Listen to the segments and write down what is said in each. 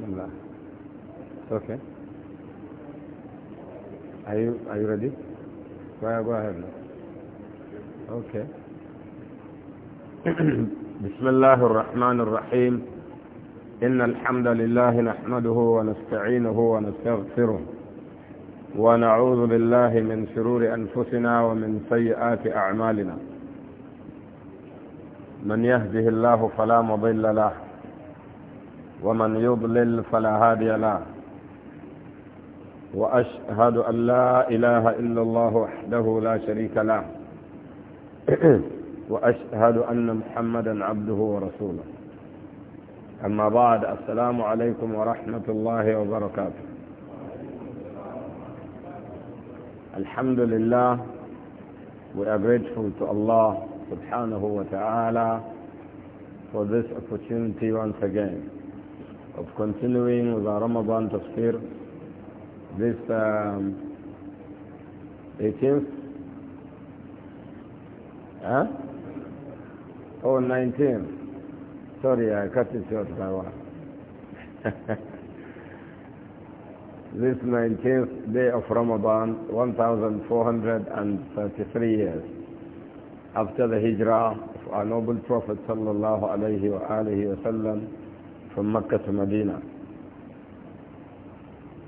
بسم الله اوكي are you are you ready go, go ahead okay بسم الله الرحمن الرحيم إن الحمد لله نحمده ونستعينه ونستغفره ونعوذ بالله من شرور أنفسنا ومن سيئات أعمالنا من يهده الله فلا مضل له ومن يضلل فلا هادي له وأشهد أن لا إله إلا الله وحده لا شريك له وأشهد أن محمدا عبده ورسوله أما بعد السلام عليكم ورحمة الله وبركاته الحمد لله we are grateful to Allah subhanahu wa ta'ala for this opportunity once again of continuing with our Ramadan tafsir this um, 18th huh? oh 19th sorry I cut it short by one this 19th day of Ramadan 1433 years after the hijrah of our noble prophet sallallahu alaihi wasallam from Mecca to Medina.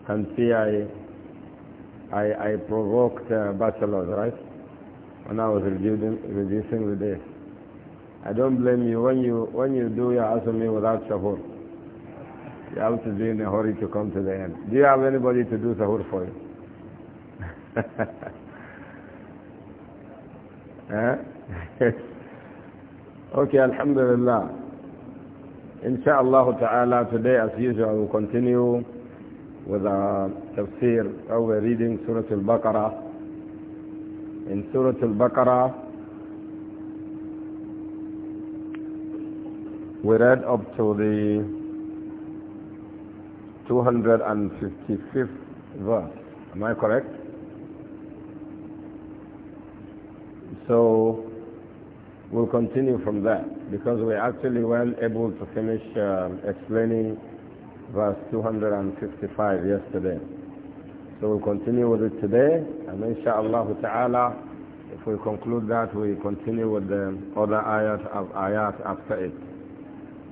And see, I, I, I provoked uh, bachelors, right? When I was reducing, reducing the days. I don't blame you when you, when you do your asumi without sahur. You have to be in a hurry to come to the end. Do you have anybody to do sahur for you? eh? okay, alhamdulillah. Insha'Allah ta'ala, today as usual we continue with the tafsir. Now reading Surah Al-Baqarah. In Surah Al-Baqarah, we read up to the 255th verse. Am I correct? So, We'll continue from there because we actually weren't able to finish uh, explaining verse 255 yesterday. So we'll continue with it today and inshaAllah ta'ala if we conclude that we continue with the other ayat of ayat after it.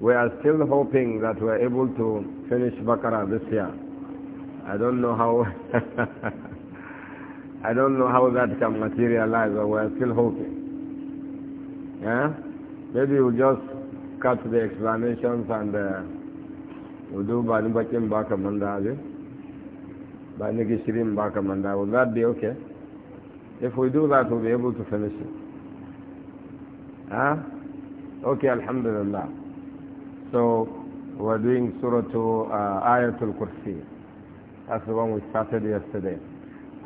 We are still hoping that we're able to finish Baqarah this year. I don't know how I don't know how that can materialize, but we're still hoping. Yeah? Maybe we'll just cut the explanations and uh, we'll do Bani Bakim Mandali, Bani Gishirim Bakamanda. Will that be okay? If we do that, we'll be able to finish it. Huh? Okay, Alhamdulillah. So, we're doing Surah to uh, Ayatul Kursi. That's the one we started yesterday.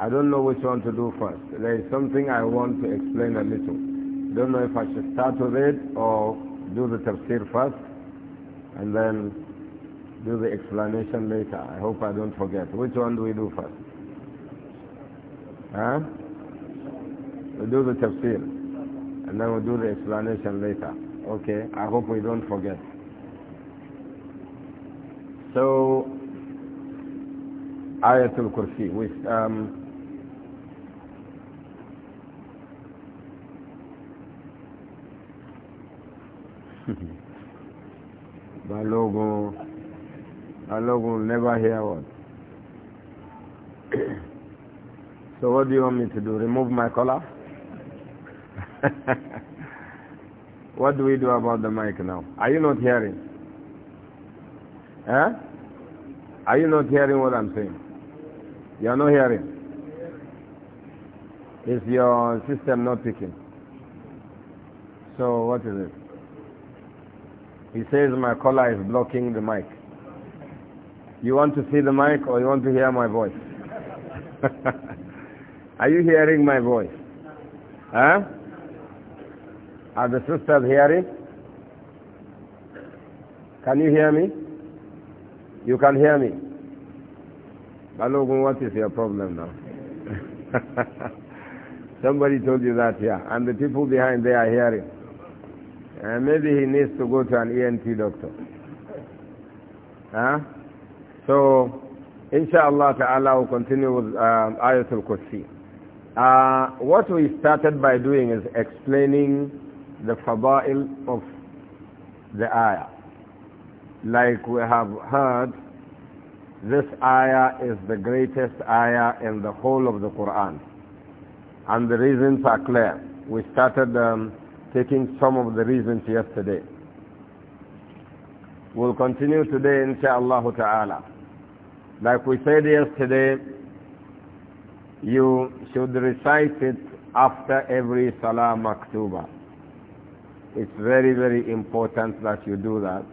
I don't know which one to do first. There is something I want to explain a little. Don't know if I should start with it or do the tafsir first and then do the explanation later. I hope I don't forget. Which one do we do first? Huh? We do the tafsir and then we'll do the explanation later. Okay, I hope we don't forget. So, Ayatul Kursi, which um, Balogun, Balogun never hear what. so what do you want me to do? Remove my collar? what do we do about the mic now? Are you not hearing? Eh? Are you not hearing what I'm saying? You are not hearing. Is your system not picking? So what is it? He says my collar is blocking the mic. You want to see the mic or you want to hear my voice? Are you hearing my voice? Huh? Are the sisters hearing? Can you hear me? You can hear me. Balogun, what is your problem now? Somebody told you that, yeah. And the people behind there are hearing. Uh, maybe he needs to go to an ENT doctor. Huh? So, inshallah ta'ala will continue with um, Ayatul Kursi. Uh, what we started by doing is explaining the fabail of the ayah. Like we have heard, this ayah is the greatest ayah in the whole of the Quran. And the reasons are clear. We started... Um, taking some of the reasons yesterday. We'll continue today insha'Allah ta'ala. Like we said yesterday, you should recite it after every Salah Maktuba. It's very, very important that you do that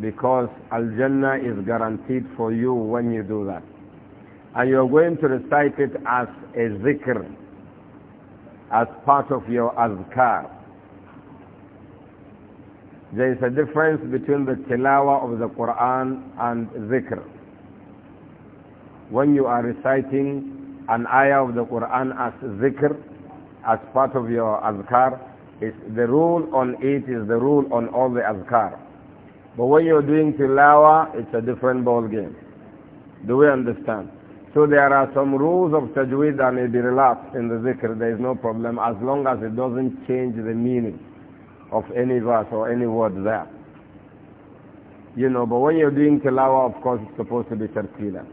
because Al-Jannah is guaranteed for you when you do that. And you are going to recite it as a zikr, as part of your azkar. There is a difference between the tilawa of the Quran and zikr. When you are reciting an ayah of the Quran as zikr, as part of your azkar, is the rule on it is the rule on all the azkar. But when you're doing tilawa, it's a different ball game. Do we understand? So there are some rules of tajweed that may be relaxed in the zikr. There is no problem as long as it doesn't change the meaning of any verse or any word there. You know, but when you're doing tilawa, of course, it's supposed to be tartila.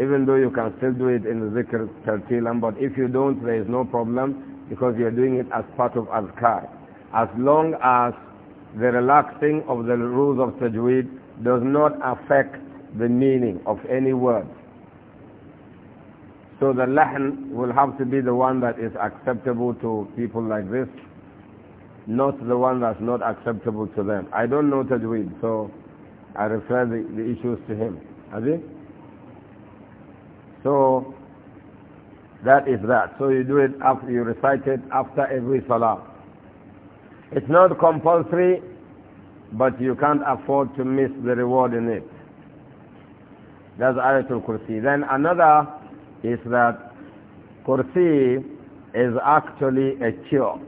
Even though you can still do it in the zikr tartilan, but if you don't, there is no problem because you're doing it as part of azkar. As long as the relaxing of the rules of tajweed does not affect the meaning of any word. So the lahn will have to be the one that is acceptable to people like this not the one that's not acceptable to them. I don't know Tajweed, so I refer the, the issues to him. Have you? So, that is that. So you do it after, you recite it after every salah. It's not compulsory, but you can't afford to miss the reward in it. That's Ayatul Kursi. Then another is that Kursi is actually a cure.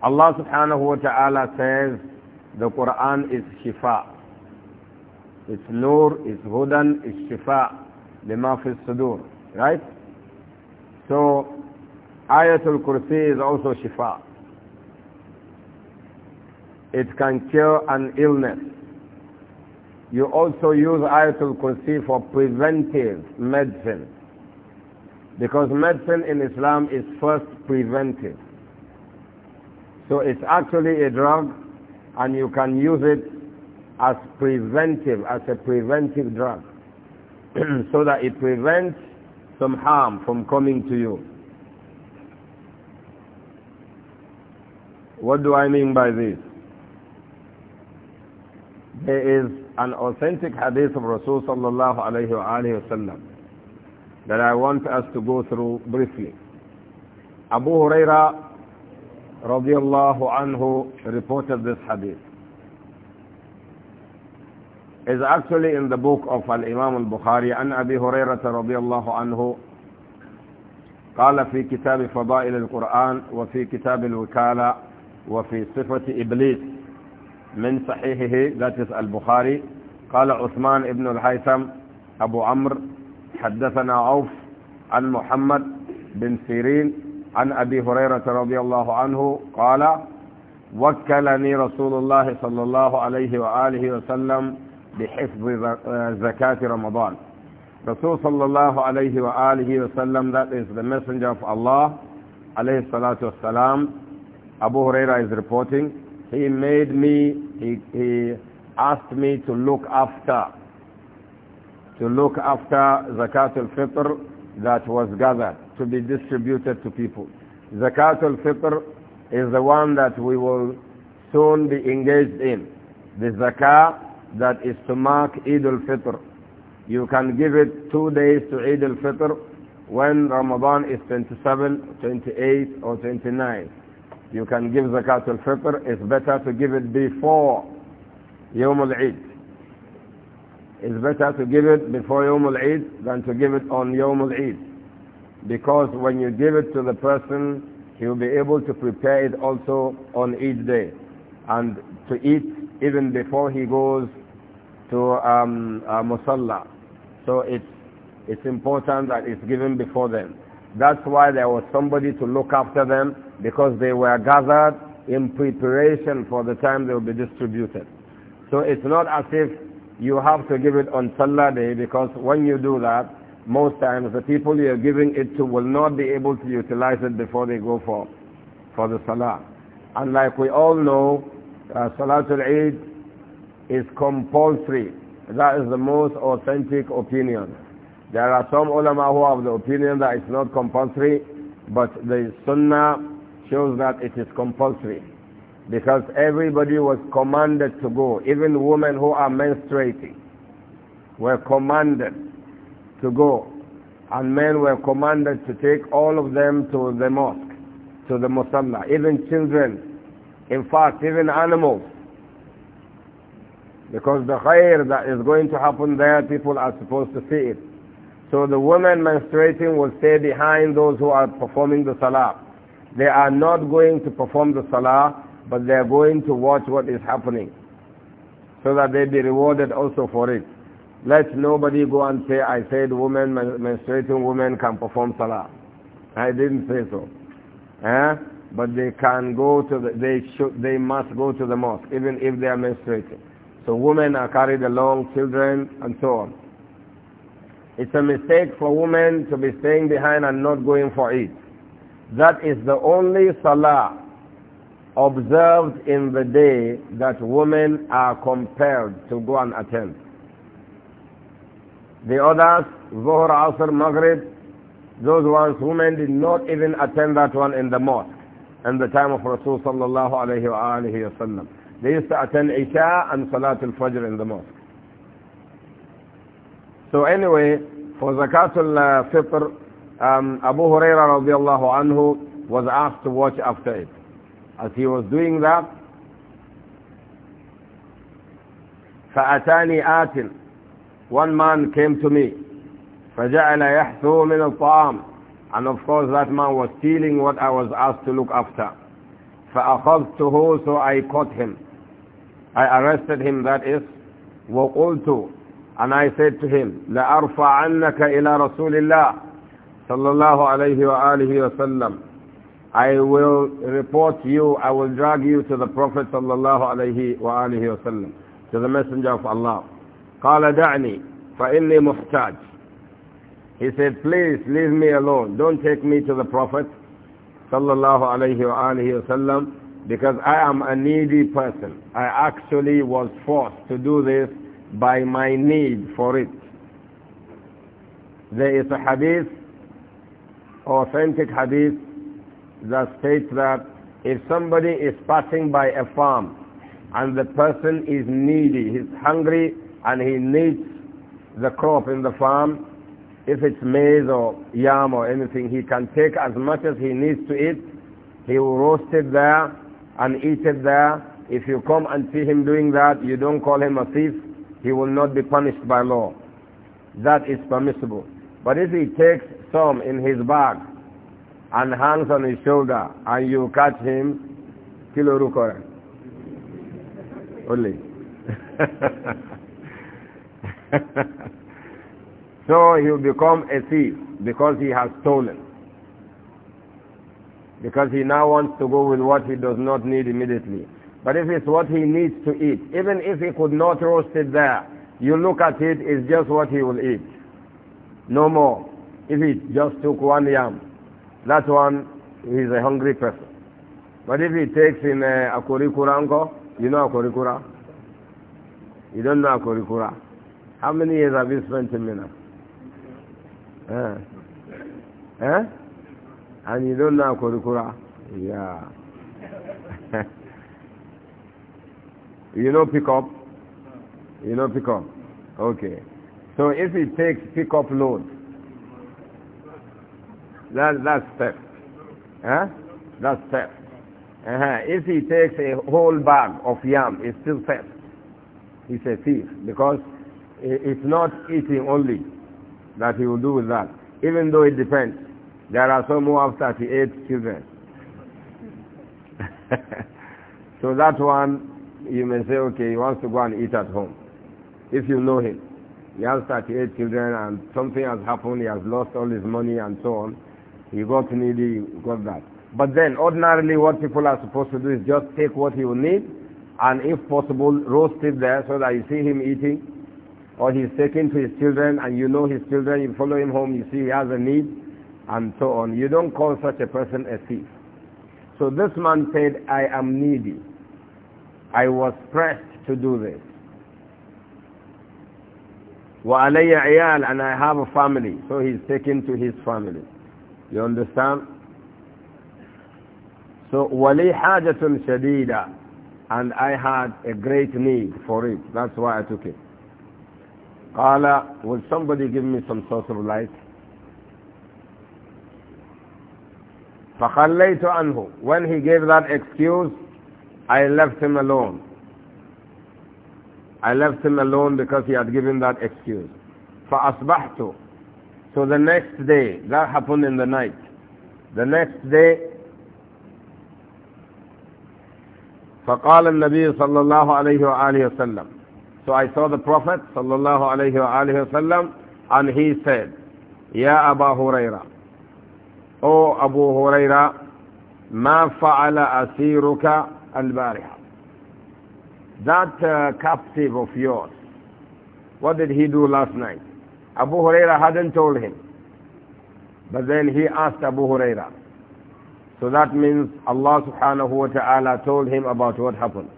Allah subhanahu wa ta'ala says the Quran is shifa. It's nur, it's hudan, it's shifa. Lima fi sudur. Right? So, Ayatul Kursi is also shifa. It can cure an illness. You also use Ayatul Kursi for preventive medicine. Because medicine in Islam is first preventive. So it's actually a drug and you can use it as preventive, as a preventive drug. so that it prevents some harm from coming to you. What do I mean by this? There is an authentic hadith of Rasulullah sallallahu alayhi wa sallam that I want us to go through briefly. Abu Huraira رضي الله عنه reported this hadith is actually in the book of Al-Imam Al-Bukhari عن أبي هريرة رضي الله عنه قال في كتاب فضائل القرآن وفي كتاب الوكالة وفي صفة إبليس من صحيحه that is البخاري قال عثمان ابن الهيثم أبو عمرو حدثنا عوف عن محمد بن سيرين عن أبي هريرة رضي الله عنه قال وكلني رسول الله صلى الله عليه وآله وسلم بحفظ زكاة رمضان رسول صلى الله عليه وآله وسلم that is the messenger of Allah, عليه الصلاة والسلام Abu Huraira is reporting, he made me, he, he asked me to look after, to look after zakat al fitr that was gathered. to be distributed to people. Zakat al-Fitr is the one that we will soon be engaged in. The zakah that is to mark Eid al-Fitr. You can give it two days to Eid al-Fitr when Ramadan is 27, 28 or 29. You can give zakat al-Fitr. It's better to give it before Yom al-Eid. It's better to give it before Yom al-Eid than to give it on Yom al-Eid because when you give it to the person, he will be able to prepare it also on each day and to eat even before he goes to um, uh, Musalla. So it's, it's important that it's given before them. That's why there was somebody to look after them because they were gathered in preparation for the time they will be distributed. So it's not as if you have to give it on Salah day because when you do that, most times the people you're giving it to will not be able to utilize it before they go for, for the salah. And like we all know, uh, Salatul Eid is compulsory. That is the most authentic opinion. There are some ulama who have the opinion that it's not compulsory, but the sunnah shows that it is compulsory. Because everybody was commanded to go, even women who are menstruating were commanded to go. And men were commanded to take all of them to the mosque, to the musalla, even children, in fact, even animals. Because the khair that is going to happen there, people are supposed to see it. So the women menstruating will stay behind those who are performing the salah. They are not going to perform the salah, but they are going to watch what is happening. So that they be rewarded also for it. Let nobody go and say, I said women, menstruating women can perform salah. I didn't say so. Eh? But they can go to the, they should, they must go to the mosque, even if they are menstruating. So women are carried along, children, and so on. It's a mistake for women to be staying behind and not going for it. That is the only salah observed in the day that women are compelled to go and attend. The others, Zuhr, Asr, Maghrib, those ones, women did not even attend that one in the mosque in the time of Rasul sallallahu alayhi wa They used to attend Isha and Salatul Fajr in the mosque. So anyway, for Zakatul uh, Fitr, um, Abu Huraira radiallahu anhu was asked to watch after it. As he was doing that, فَأَتَانِي آتٍ one man came to me, فَجَعَلَ يحثو مِنَ الطَّعَامِ And of course that man was stealing what I was asked to look after. فَأَخَذْتُهُ So I caught him. I arrested him, that is. وَقُلْتُ And I said to him, لَأَرْفَعَنَّكَ إِلَى رَسُولِ اللَّهِ صلى الله عليه وآله وسلم I will report you, I will drag you to the Prophet صلى الله عليه وآله وسلم to the Messenger of Allah قال دعني فإني محتاج He said, please leave me alone. Don't take me to the Prophet sallallahu alayhi wa alihi wasallam because I am a needy person. I actually was forced to do this by my need for it. There is a hadith, authentic hadith, that states that if somebody is passing by a farm and the person is needy, he's hungry, and he needs the crop in the farm, if it's maize or yam or anything, he can take as much as he needs to eat. He will roast it there and eat it there. If you come and see him doing that, you don't call him a thief. He will not be punished by law. That is permissible. But if he takes some in his bag and hangs on his shoulder and you catch him, kilo rukore. Only. so he'll become a thief because he has stolen. Because he now wants to go with what he does not need immediately. But if it's what he needs to eat, even if he could not roast it there, you look at it, it's just what he will eat. No more. If he just took one yam, that one, he's a hungry person. But if he takes in uh, a kura, you know kura? You don't know kura? How many years have you spent in Mina? Eh? Eh? And you don't know Kurukura? Yeah. you know pick up? You know pick up? Okay. So if he takes pick up load, that, that's theft. Eh? That's theft. Uh -huh. If he takes a whole bag of yam, it's still theft. He's a thief because it's not eating only that he will do with that, even though it depends. There are some who have 38 children. so that one, you may say, okay, he wants to go and eat at home. If you know him, he has 38 children and something has happened, he has lost all his money and so on. He got needy, got that. But then, ordinarily, what people are supposed to do is just take what he will need and, if possible, roast it there so that you see him eating or he's taken to his children and you know his children, you follow him home, you see he has a need, and so on. You don't call such a person a thief. So this man said, I am needy. I was pressed to do this. وَعَلَيَّ And I have a family. So he's taken to his family. You understand? So Wali حَاجَةٌ شَدِيدًا And I had a great need for it. That's why I took it. Qala, will somebody give me some source of light? فَخَلَّيْتُ عَنْهُ When he gave that excuse, I left him alone. I left him alone because he had given that excuse. فَأَصْبَحْتُ So the next day, that happened in the night. The next day, فقال النبي صلى الله عليه وآله وسلم so I saw the Prophet sallallahu alayhi and he said, Ya Abu Huraira, O Abu Huraira, ما فعل أسيرك البارحة That uh, captive of yours, what did he do last night? Abu Huraira hadn't told him. But then he asked Abu Huraira. So that means Allah subhanahu wa ta'ala told him about what happened.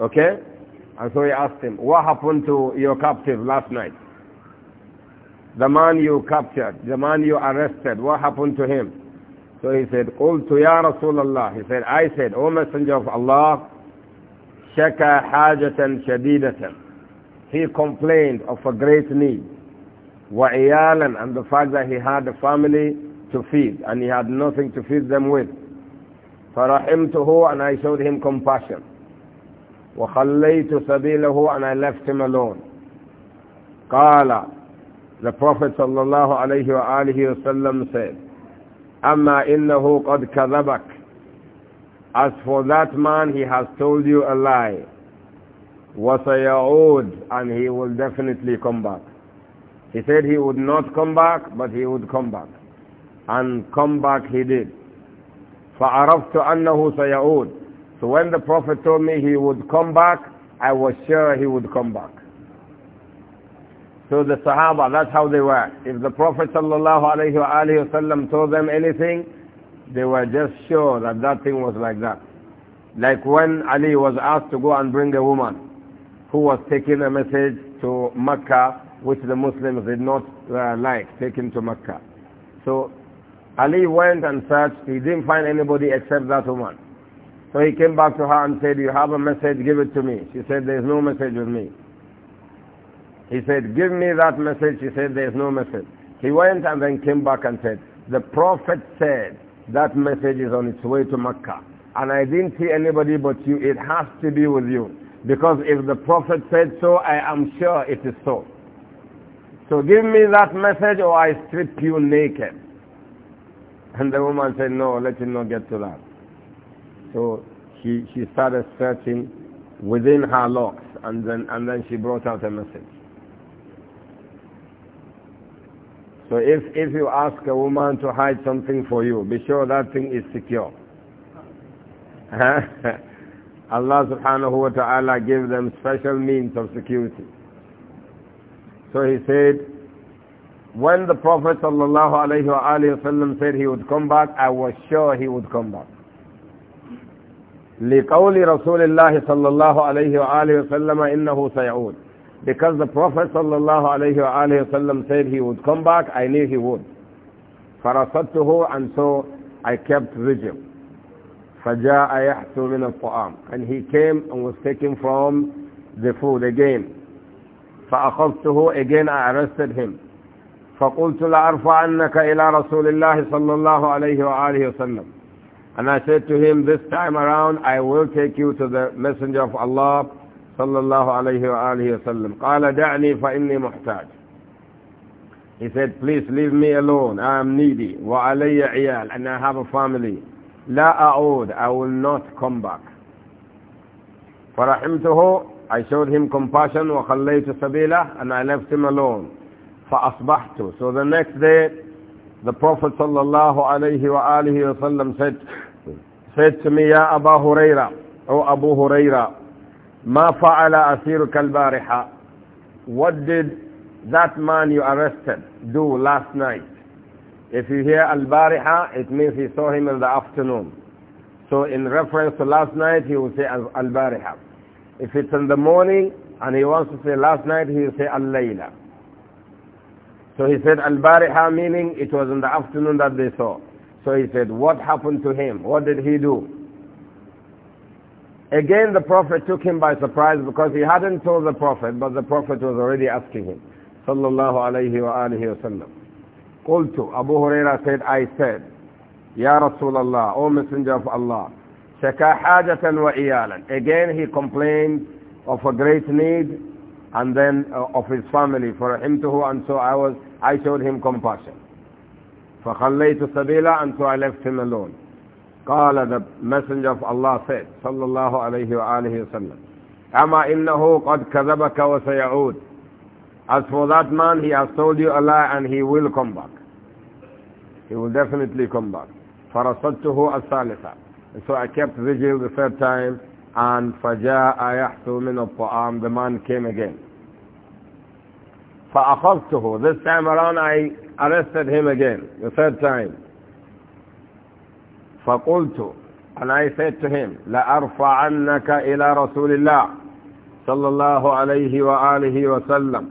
Okay? And so he asked him, what happened to your captive last night? The man you captured, the man you arrested, what happened to him? So he said, قلت يا رسول الله. He said, I said, O Messenger of Allah, شكى حاجة شديدة. He complained of a great need. وعيالا and the fact that he had a family to feed and he had nothing to feed them with. فرحمته and I showed him compassion. وَخَلَّيْتُ سَبِيلَهُ And I left him alone. قَالَ The Prophet sallallahu alayhi wa alihi wasallam said, أَمَّا إِنَّهُ قَدْ كَذَبَكَ As for that man, he has told you a lie. وَسَيَعُودُ And he will definitely come back. He said he would not come back, but he would come back. And come back he did. فَعَرَفْتُ أَنَّهُ سَيَعُودُ so when the Prophet told me he would come back, I was sure he would come back. So the Sahaba, that's how they were. If the Prophet ﷺ told them anything, they were just sure that that thing was like that. Like when Ali was asked to go and bring a woman who was taking a message to Mecca, which the Muslims did not uh, like, taking to Mecca. So Ali went and searched. He didn't find anybody except that woman. So he came back to her and said, you have a message, give it to me. She said, there is no message with me. He said, give me that message. She said, there is no message. He went and then came back and said, the prophet said, that message is on its way to Mecca. And I didn't see anybody but you. It has to be with you. Because if the prophet said so, I am sure it is so. So give me that message or I strip you naked. And the woman said, no, let him not get to that. So she, she started searching within her locks and then, and then she brought out a message. So if, if you ask a woman to hide something for you, be sure that thing is secure. Allah subhanahu wa ta'ala gave them special means of security. So he said, when the Prophet sallallahu alayhi wa said he would come back, I was sure he would come back. لقول رسول الله صلى الله عليه وآله وسلم إنه سيعود because the Prophet صلى الله عليه وآله وسلم said he would come back I knew he would فرصدته and so I kept vigil فجاء يحسو من الطعام and he came and was taken from the food again فأخذته again I arrested him فقلت لأرفعنك إلى رسول الله صلى الله عليه وآله وسلم And I said to him, this time around I will take you to the Messenger of Allah صلى الله عليه قال دعني فإني محتاج He said, please leave me alone. I am needy. وعلي عيال. And I have a family. لا أعود. I will not come back. فرحمته. I showed him compassion. وخليت سبيله. And I left him alone. فأصبحت. So the next day, the Prophet sallallahu الله عليه وآله وسلم said, said to me, Ya Abu Huraira, O Abu Huraira, Ma fa'ala asiruka al What did that man you arrested do last night? If you hear al-bariha, it means he saw him in the afternoon. So in reference to last night, he will say al-bariha. If it's in the morning and he wants to say last night, he will say al-layla. So he said al-bariha meaning it was in the afternoon that they saw. So he said, what happened to him? What did he do? Again, the Prophet took him by surprise because he hadn't told the Prophet, but the Prophet was already asking him. Sallallahu alayhi wa alihi wa sallam. Qultu, Abu Huraira said, I said, Ya Allah, O Messenger of Allah, shaka hajatan wa iyalan. Again, he complained of a great need and then uh, of his family. For him to who and so I was, I showed him compassion. فخليت سبيلا and so I left him alone قال the messenger of Allah said صلى الله عليه وآله وسلم أما إنه قد كذبك وسيعود as for that man he has told you a lie and he will come back he will definitely come back فرصدته الثالثة and so I kept vigil the third time and فجاء يحثو من الطعام the man came again فأخذته this time around I arrested him again, the third time. فَقُلْتُ And I said to him, لَأَرْفَعَنَّكَ إِلَىٰ رَسُولِ اللَّهِ صلى الله عليه وآله وسلم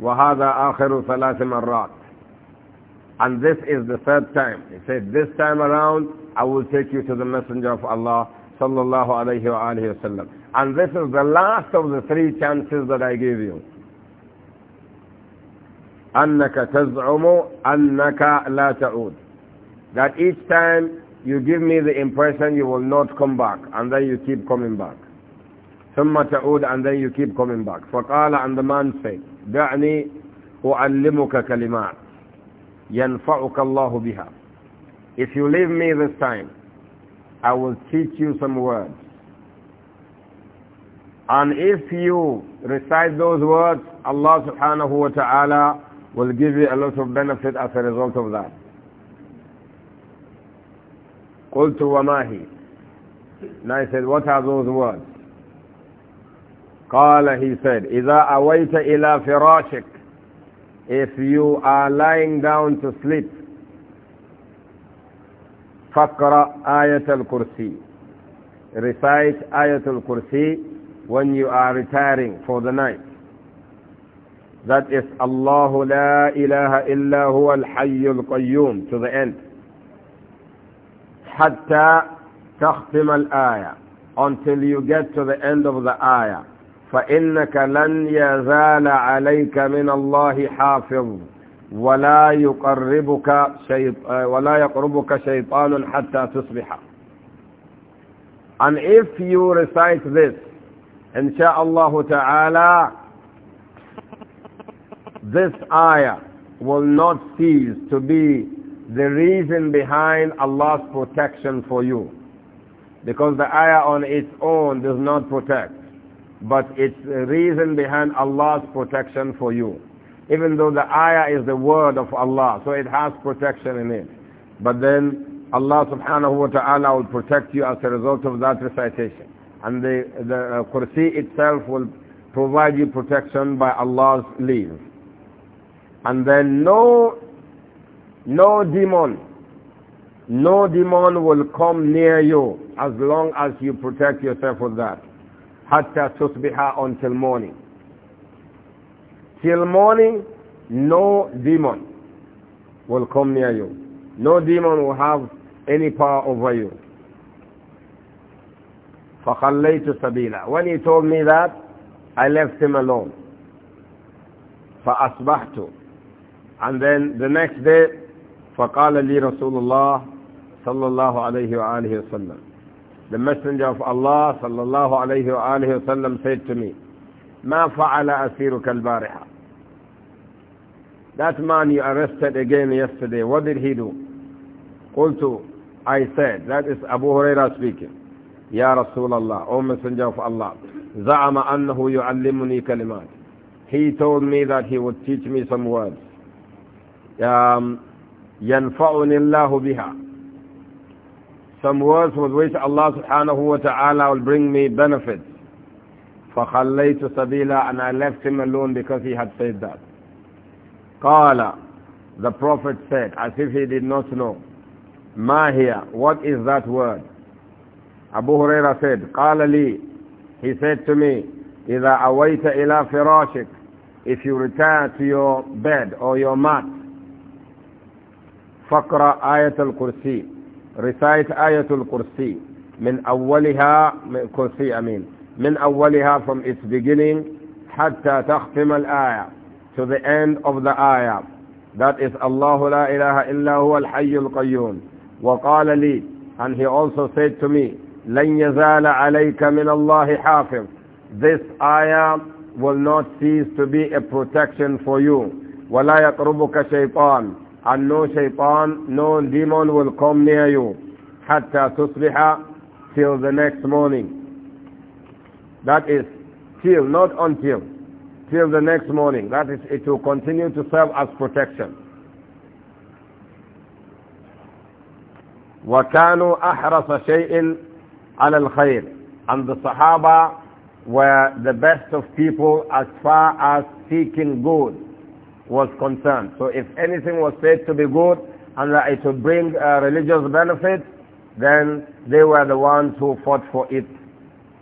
وهذا آخر ثلاث مرات And this is the third time. He said, this time around, I will take you to the Messenger of Allah, sallallahu alayhi wa And this is the last of the three chances that I give you. أنك تزعم أنك لا تعود that each time you give me the impression you will not come back and then you keep coming back ثم تعود and then you keep coming back فقال and the man said دعني أعلمك كلمات ينفعك الله بها if you leave me this time I will teach you some words and if you recite those words Allah subhanahu wa ta'ala will give you a lot of benefit as a result of that. قلت tuwamahi. and I said what are those words قال he said إذا أويت إلى فراشك if you are lying down to sleep فقرأ آية الكرسي recite آية الكرسي when you are retiring for the night That is Allah la ilaha illa huwa al-hayyul qayyum to the end. Hatta تختم الآية until you get to the end of the ayah. فإنك لن يزال عليك من الله حافظ ولا يقربك شيط ولا يقربك شيطان حتى تصبح. And if you recite this, inshallah ta'ala, This ayah will not cease to be the reason behind Allah's protection for you. Because the ayah on its own does not protect. But it's the reason behind Allah's protection for you. Even though the ayah is the word of Allah, so it has protection in it. But then Allah subhanahu wa ta'ala will protect you as a result of that recitation. And the, the uh, Kursi itself will provide you protection by Allah's leave. And then no, no demon, no demon will come near you as long as you protect yourself with that. Hatta tusbiha until morning. Till morning, no demon will come near you. No demon will have any power over you. فَخَلَّيْتُ سَبِيلًا When he told me that, I left him alone. فَأَصْبَحْتُ and then the next day, فَقَالَ لِي رَسُولُ اللَّهِ صَلَّى اللَّهُ عَلَيْهِ وَآلِهِ وَسَلَّمَ The Messenger of Allah صلى الله عليه وآله وسلم said to me, مَا فَعَلَ أَسِيرُكَ الْبَارِحَةِ That man you arrested again yesterday, what did he do? قلت, I said, that is Abu Huraira speaking, يا رسول الله, O Messenger of Allah, زعم أنه يعلمني كلمات. He told me that he would teach me some words um, some words with which Allah subhanahu wa ta'ala will bring me benefits فخليت سبيلا and I left him alone because he had said that قال the prophet said as if he did not know ما هي what is that word Abu Huraira said قال لي he said to me إذا أويت إلى فراشك if you retire to your bed or your mat فقرا آية الكرسي recite آية الكرسي من أولها من كرسي أمين من أولها from its beginning حتى تختم الآية to the end of the ayah آية. that is الله لا إله إلا هو الحي القيوم وقال لي and he also said to me لن يزال عليك من الله حافظ this ayah آية will not cease to be a protection for you ولا يقربك شيطان and no shaitan, no demon will come near you. حتى tusliha, till the next morning. That is till, not until. Till the next morning. That is, it will continue to serve as protection. وَكَانُوا أَحْرَصَ شَيْءٍ عَلَى الْخَيْرِ And the Sahaba were the best of people as far as seeking good was concerned. So if anything was said to be good and that it would bring a religious benefit, then they were the ones who fought for it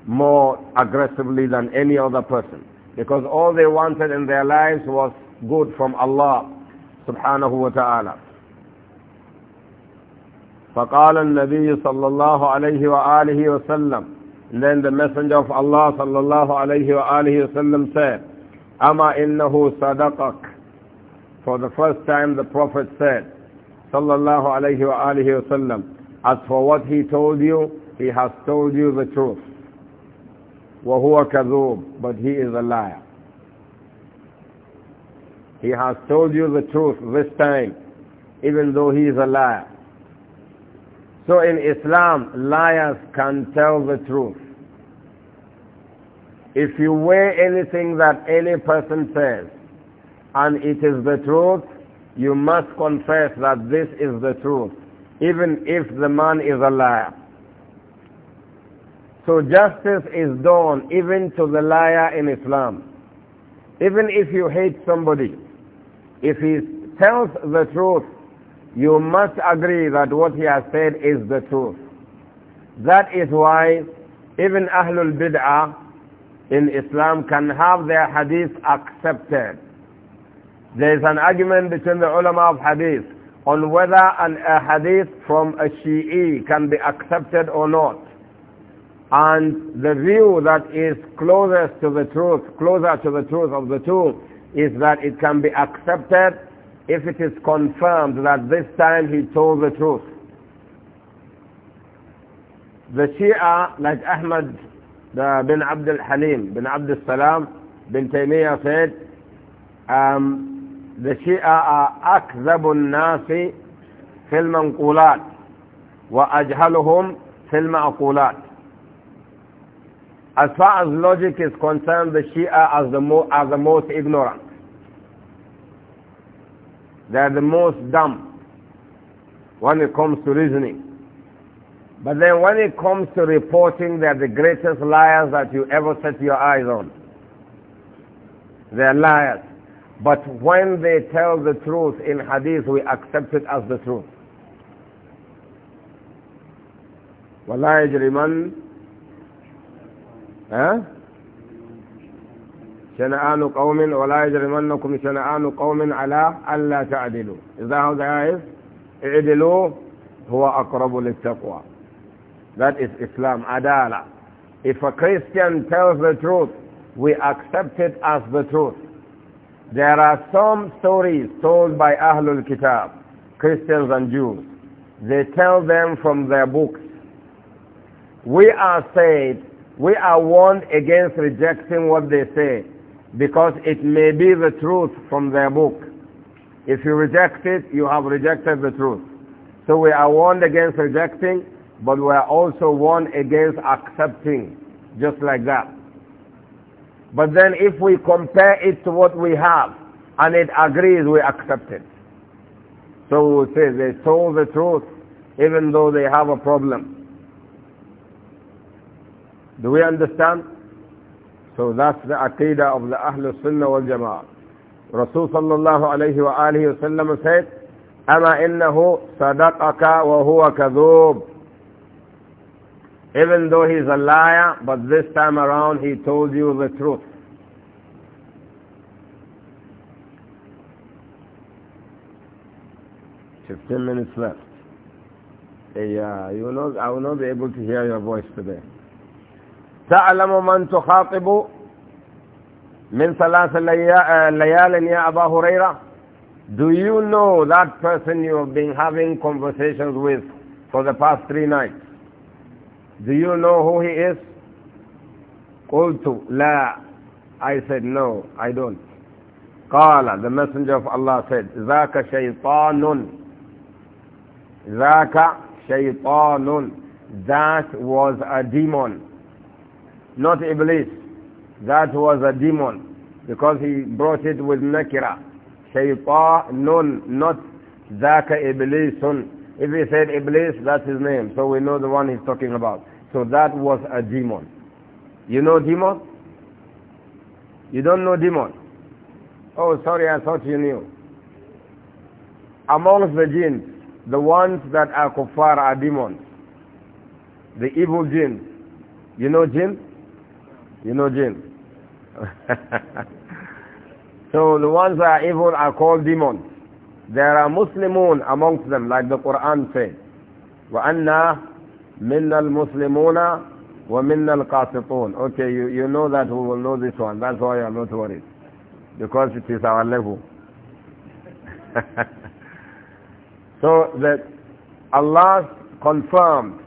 more aggressively than any other person. Because all they wanted in their lives was good from Allah subhanahu wa ta'ala. فقال النبي صلى الله عليه وآله وسلم and then the messenger of Allah صلى الله عليه وآله وسلم said أما إنه صدقك for the first time the Prophet said, sallallahu alayhi wa wasallam, as for what he told you, he has told you the truth. وَهُوَ كَذُوبٌ But he is a liar. He has told you the truth this time, even though he is a liar. So in Islam, liars can tell the truth. If you weigh anything that any person says and it is the truth, you must confess that this is the truth, even if the man is a liar. So justice is done even to the liar in Islam. Even if you hate somebody, if he tells the truth, you must agree that what he has said is the truth. That is why even Ahlul Bid'ah in Islam can have their hadith accepted there is an argument between the ulama of hadith on whether an, a hadith from a Shi'i can be accepted or not. And the view that is closest to the truth, closer to the truth of the two, is that it can be accepted if it is confirmed that this time he told the truth. The Shia, like Ahmad bin Abdul Halim, bin Abdul Salam, bin Taymiyyah said, um, the Shia are أكذب الناس في المنقولات وأجهلهم في المعقولات as far as logic is concerned, the Shia are the, mo are the most ignorant. They are the most dumb when it comes to reasoning. But then when it comes to reporting, they are the greatest liars that you ever set your eyes on. They are liars. But when they tell the truth in hadith, we accept it as the truth. ولا يجرمن ها شنآن قوم ولا يجرمنكم شنآن قوم على ألا تعدلوا إذا هو عايز اعدلوا هو أقرب للتقوى That is Islam, adala. If a Christian tells the truth, we accept it as the truth. There are some stories told by Ahlul Kitab, Christians and Jews. They tell them from their books. We are said, we are warned against rejecting what they say because it may be the truth from their book. If you reject it, you have rejected the truth. So we are warned against rejecting, but we are also warned against accepting, just like that. But then if we compare it to what we have and it agrees, we accept it. So we say they told the truth even though they have a problem. Do we understand? So that's the aqidah of the Ahlul Sunnah wal Jama'ah. Rasul sallallahu alayhi wa alihi wa sallam said, أما إنه صدقك وهو كذوب even though he's a liar, but this time around he told you the truth. Fifteen minutes left. Yeah, uh, you know I will not be able to hear your voice today. تعلم من تخاطب من ثلاث ليال يا أبا هريرة Do you know that person you have been having conversations with for the past three nights? Do you know who he is? قلت la, I said no I don't Qala, the messenger of Allah said Zaka Shaytanun. Zaka Shaytanun. that was a demon not Iblis that was a demon because he brought it with nakira shaytanun not Zaka Iblisun. If he said Iblis, that's his name. So we know the one he's talking about. So that was a demon. You know demon? You don't know demon? Oh, sorry, I thought you knew. Amongst the jinns, the ones that are kuffar are demons. The evil jinns. You know jinn? You know jinn. so the ones that are evil are called demons. There are Muslimun amongst them, like the Quran says. وَأَنَّا wa الْمُسْلِمُونَ al الْقَاسِطُونَ Okay, you, you know that we will know this one. That's why I'm not worried. Because it is our level. so that Allah confirmed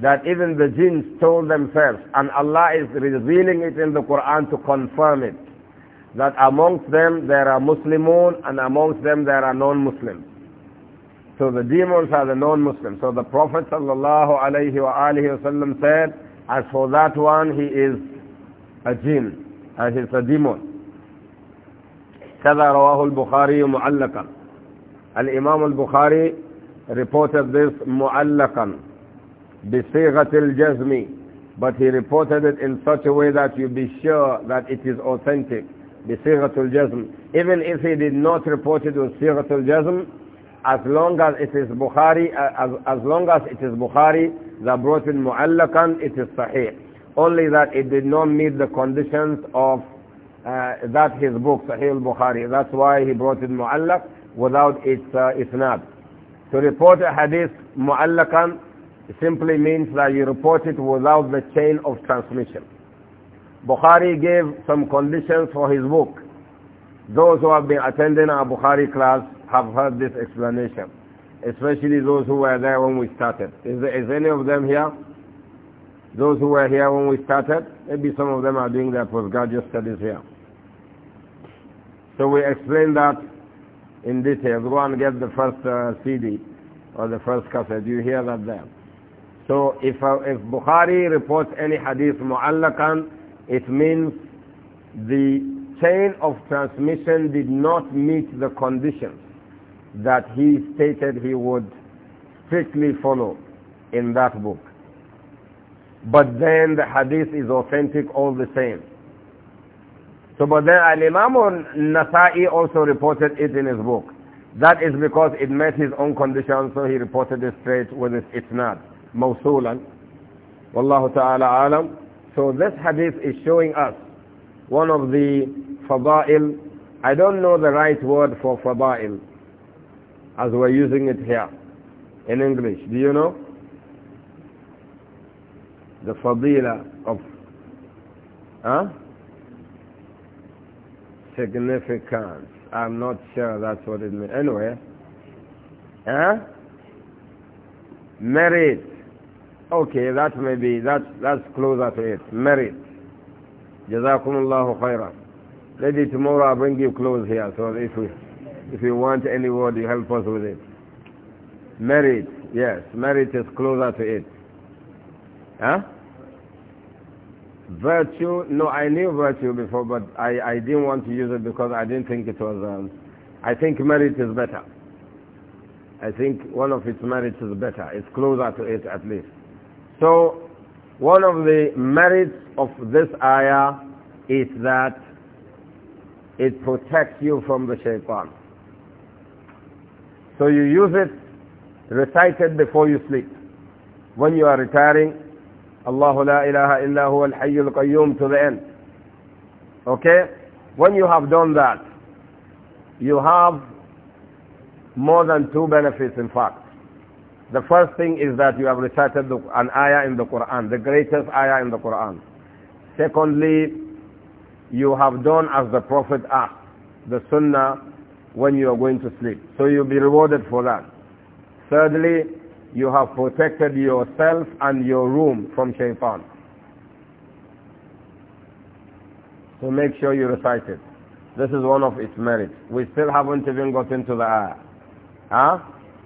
that even the jinns told themselves, and Allah is revealing it in the Quran to confirm it that amongst them there are Muslimun and amongst them there are non-Muslims. So the demons are the non-Muslims. So the Prophet sallallahu alayhi said, as for that one, he is a jinn, and he is a demon. كذا رواه البخاري معلقا الإمام البخاري reported this معلقا بصيغة الجزم but he reported it in such a way that you be sure that it is authentic بصيغة الجزم even if he did not report it with صيغة Jazm, as long as it is Bukhari as, as long as it is Bukhari that brought in mu'allakan it is sahih only that it did not meet the conditions of uh, that his book Sahih al-Bukhari that's why he brought in mu'allak without its uh, isnad to report a hadith mu'allakan simply means that you report it without the chain of transmission Bukhari gave some conditions for his book. Those who have been attending our Bukhari class have heard this explanation, especially those who were there when we started. Is, there, is any of them here? Those who were here when we started? Maybe some of them are doing their postgraduate studies here. So we explain that in detail. Go and get the first uh, CD or the first cassette. You hear that there. So if, uh, if Bukhari reports any hadith mu'allakan, it means the chain of transmission did not meet the conditions that he stated he would strictly follow in that book. But then the hadith is authentic all the same. So but then Al-Imam Nasa'i also reported it in his book. That is because it met his own conditions so he reported it straight with his isnad. موصولا والله تعالى أعلم so this hadith is showing us one of the fada'il. I don't know the right word for fada'il as we're using it here in English. Do you know? The fadila of huh? significance. I'm not sure that's what it means. Anyway, huh? merit Okay, that may be, that's, that's closer to it. Merit. Jazakumullahu khairan. Maybe tomorrow I'll bring you clothes here, so if we, if you want any word, you help us with it. Merit, yes, merit is closer to it. Huh? Virtue, no, I knew virtue before, but I, I didn't want to use it because I didn't think it was, um, I think merit is better. I think one of its merits is better. It's closer to it at least. So, one of the merits of this ayah is that it protects you from the shaitan. So you use it, recite it before you sleep. When you are retiring, Allahu la ilaha illa huwa al-hayyul qayyum to the end. Okay? When you have done that, you have more than two benefits in fact. The first thing is that you have recited the, an ayah in the Quran, the greatest ayah in the Quran. Secondly, you have done as the Prophet asked, the sunnah when you are going to sleep. So you'll be rewarded for that. Thirdly, you have protected yourself and your room from shaitan. So make sure you recite it. This is one of its merits. We still haven't even got into the ayah. Huh?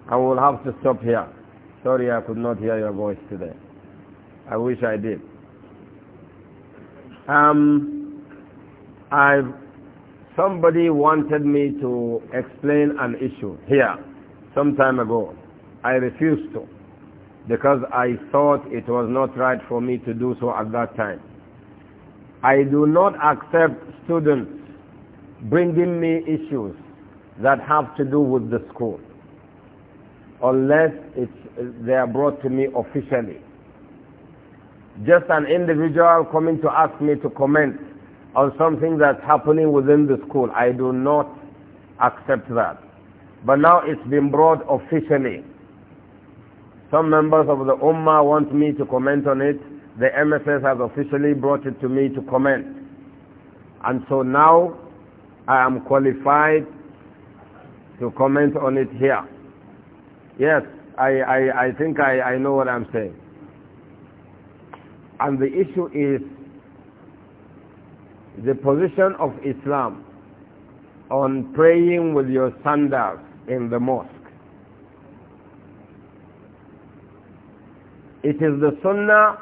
I will have to stop here. Sorry I could not hear your voice today. I wish I did. Um, i somebody wanted me to explain an issue here some time ago. I refused to because I thought it was not right for me to do so at that time. I do not accept students bringing me issues that have to do with the school unless they are brought to me officially. Just an individual coming to ask me to comment on something that's happening within the school, I do not accept that. But now it's been brought officially. Some members of the Ummah want me to comment on it. The MSS has officially brought it to me to comment. And so now I am qualified to comment on it here. Yes, I, I, I think I, I know what I'm saying. And the issue is the position of Islam on praying with your sandals in the mosque. It is the sunnah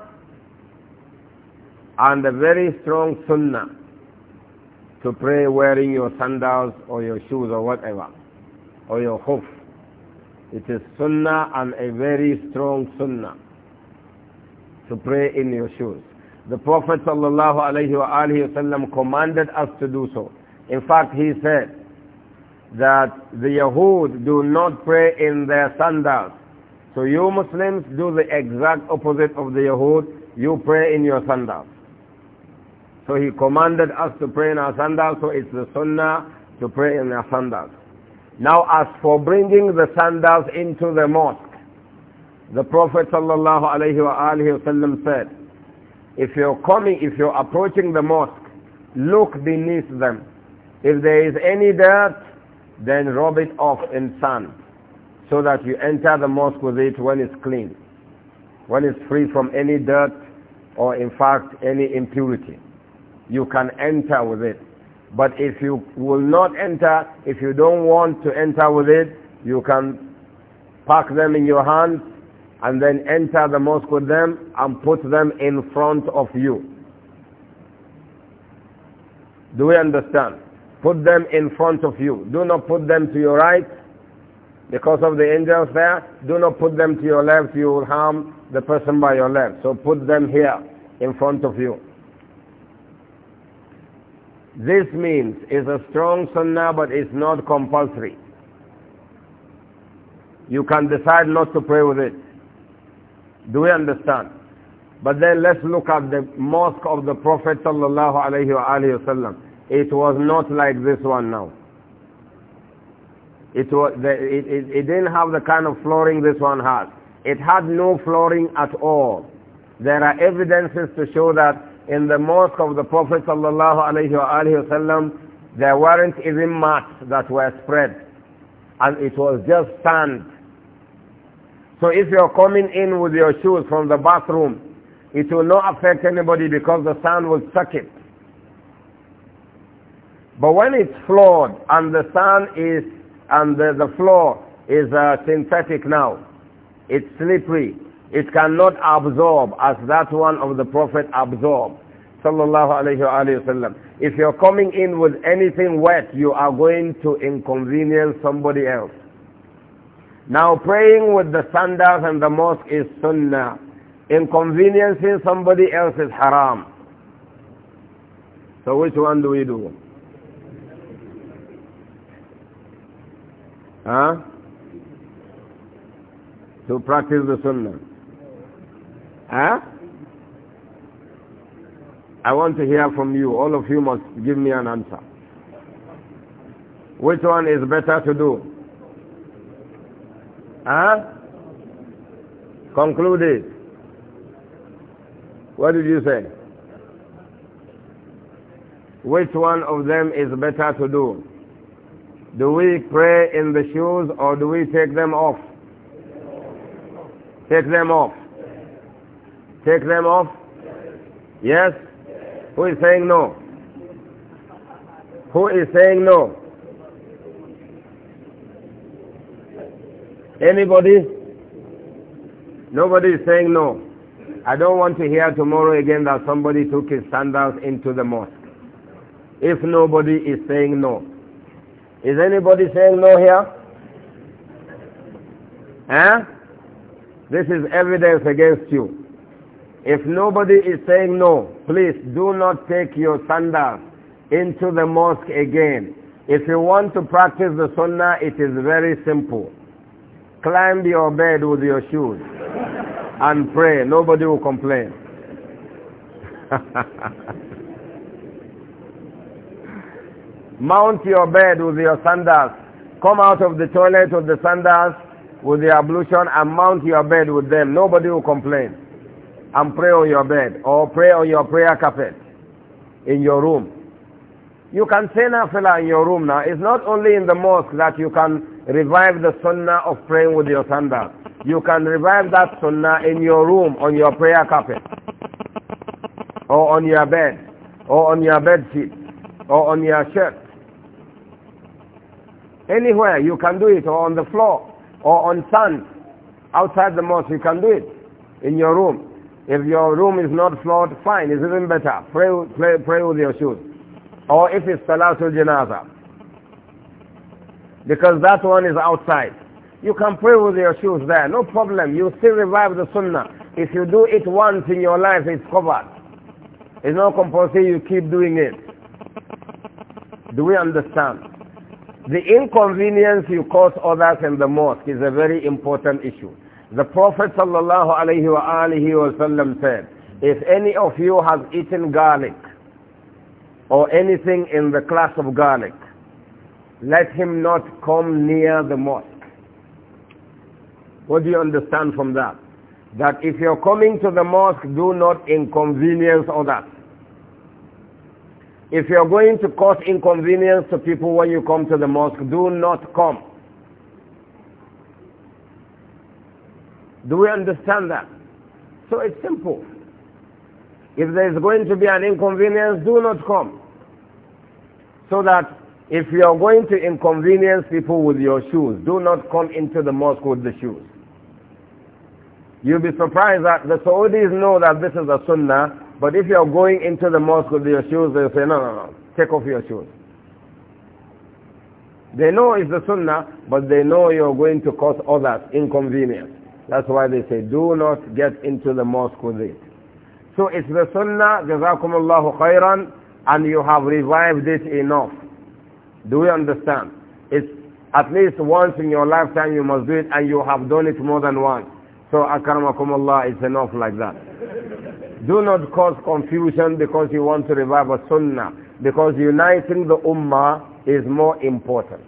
and a very strong sunnah to pray wearing your sandals or your shoes or whatever, or your hoof. It is sunnah and a very strong sunnah to pray in your shoes. The Prophet ﷺ commanded us to do so. In fact, he said that the Yahud do not pray in their sandals. So you Muslims do the exact opposite of the Yahud. You pray in your sandals. So he commanded us to pray in our sandals, so it's the sunnah to pray in our sandals. Now as for bringing the sandals into the mosque, the Prophet ﷺ said, if you're coming, if you're approaching the mosque, look beneath them. If there is any dirt, then rub it off in sand so that you enter the mosque with it when it's clean, when it's free from any dirt or in fact any impurity. You can enter with it. But if you will not enter, if you don't want to enter with it, you can pack them in your hands and then enter the mosque with them and put them in front of you. Do we understand? Put them in front of you. Do not put them to your right because of the angels there. Do not put them to your left. You will harm the person by your left. So put them here in front of you. This means it's a strong sunnah but it's not compulsory. You can decide not to pray with it. Do we understand? But then let's look at the mosque of the Prophet sallallahu alayhi wa It was not like this one now. It, was, it, it, it didn't have the kind of flooring this one has. It had no flooring at all. There are evidences to show that in the mosque of the Prophet sallallahu there weren't even mats that were spread. And it was just sand. So if you're coming in with your shoes from the bathroom, it will not affect anybody because the sand will suck it. But when it's floored and the sand is, and the, the floor is uh, synthetic now, it's slippery, it cannot absorb as that one of the Prophet absorbed. Sallallahu alayhi wa sallam. If you're coming in with anything wet, you are going to inconvenience somebody else. Now praying with the sandals and the mosque is sunnah. Inconveniencing somebody else is haram. So which one do we do? Huh? To practice the sunnah. Huh? I want to hear from you. All of you must give me an answer. Which one is better to do? Huh? Conclude it. What did you say? Which one of them is better to do? Do we pray in the shoes or do we take them off? Take them off. Take them off? Yes? Who is saying no? Who is saying no? Anybody? Nobody is saying no. I don't want to hear tomorrow again that somebody took his sandals into the mosque. If nobody is saying no. Is anybody saying no here? Eh? This is evidence against you. If nobody is saying no, please do not take your sandals into the mosque again. If you want to practice the sunnah, it is very simple. Climb your bed with your shoes and pray. Nobody will complain. Mount your bed with your sandals. Come out of the toilet with the sandals, with the ablution, and mount your bed with them. Nobody will complain and pray on your bed or pray on your prayer carpet in your room. You can say nafila in your room now. It's not only in the mosque that you can revive the sunnah of praying with your sandals. You can revive that sunnah in your room on your prayer carpet or on your bed or on your bed sheet or on your shirt. Anywhere you can do it or on the floor or on sand outside the mosque you can do it in your room. If your room is not floored, fine, it's even better. Pray, pray, pray with your shoes. Or if it's Salatul Janaza. Because that one is outside. You can pray with your shoes there, no problem. You still revive the Sunnah. If you do it once in your life, it's covered. It's not compulsory you keep doing it. Do we understand? The inconvenience you cause others in the mosque is a very important issue. The Prophet wasallam said, if any of you has eaten garlic or anything in the class of garlic, let him not come near the mosque. What do you understand from that? That if you're coming to the mosque, do not inconvenience others. If you're going to cause inconvenience to people when you come to the mosque, do not come. Do we understand that? So it's simple. If there is going to be an inconvenience, do not come. So that if you are going to inconvenience people with your shoes, do not come into the mosque with the shoes. You'll be surprised that the Saudis know that this is a sunnah, but if you are going into the mosque with your shoes, they'll say, no, no, no, take off your shoes. They know it's the sunnah, but they know you're going to cause others inconvenience. That's why they say, do not get into the mosque with it. So it's the sunnah, jazakumullahu khairan, and you have revived it enough. Do we understand? It's at least once in your lifetime you must do it, and you have done it more than once. So akramakumullah, it's enough like that. do not cause confusion because you want to revive a sunnah, because uniting the ummah is more important.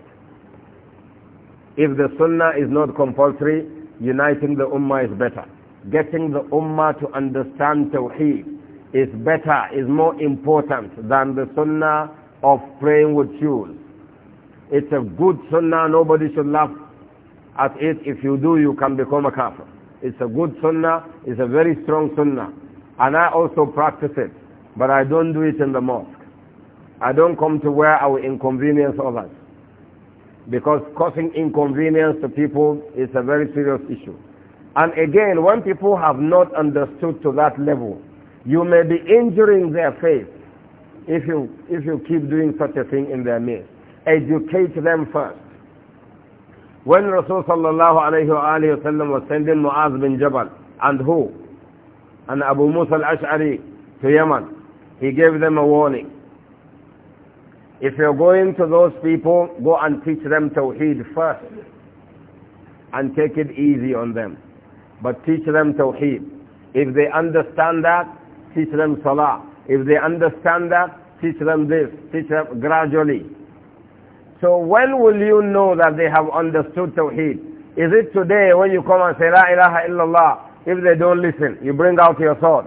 If the sunnah is not compulsory, uniting the ummah is better. Getting the ummah to understand tawheed is better, is more important than the sunnah of praying with shoes. It's a good sunnah, nobody should laugh at it. If you do, you can become a kafir. It's a good sunnah, it's a very strong sunnah. And I also practice it, but I don't do it in the mosque. I don't come to where I will inconvenience others because causing inconvenience to people is a very serious issue. And again, when people have not understood to that level, you may be injuring their faith if you, if you keep doing such a thing in their midst. Educate them first. When Rasulullah sallallahu was sending Muaz bin Jabal and who? And Abu Musa al-Ash'ari to Yemen, he gave them a warning. If you're going to those people, go and teach them Tawheed first and take it easy on them. But teach them Tawheed. If they understand that, teach them Salah. If they understand that, teach them this, teach them gradually. So when will you know that they have understood Tawheed? Is it today when you come and say La ilaha illallah? If they don't listen, you bring out your sword.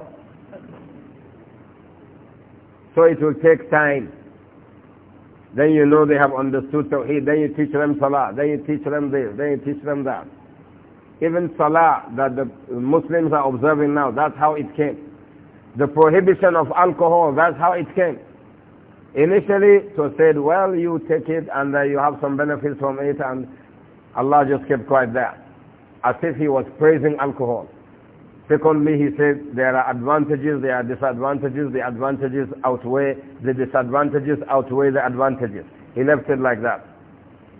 So it will take time. Then you know they have understood Tawheed. Then you teach them Salah. Then you teach them this. Then you teach them that. Even Salah that the Muslims are observing now, that's how it came. The prohibition of alcohol, that's how it came. Initially, so said, well, you take it and uh, you have some benefits from it and Allah just kept quiet there. As if he was praising alcohol. Secondly, he said there are advantages, there are disadvantages, the advantages outweigh, the disadvantages outweigh the advantages. He left it like that.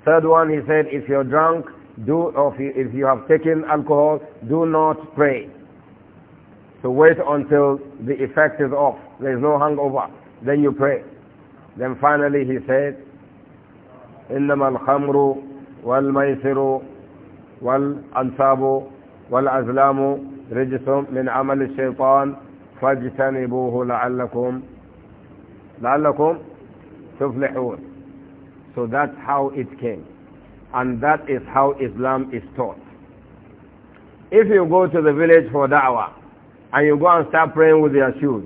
Third one, he said, if you're drunk, do, or if you, if you have taken alcohol, do not pray. So wait until the effect is off. There is no hangover. Then you pray. Then finally he said, إنما الخمر والميسر والأنصاب والأزلام رجس من عمل الشيطان فاجتنبوه لعلكم لعلكم تفلحون so that's how it came and that is how Islam is taught if you go to the village for da'wah and you go and start praying with your shoes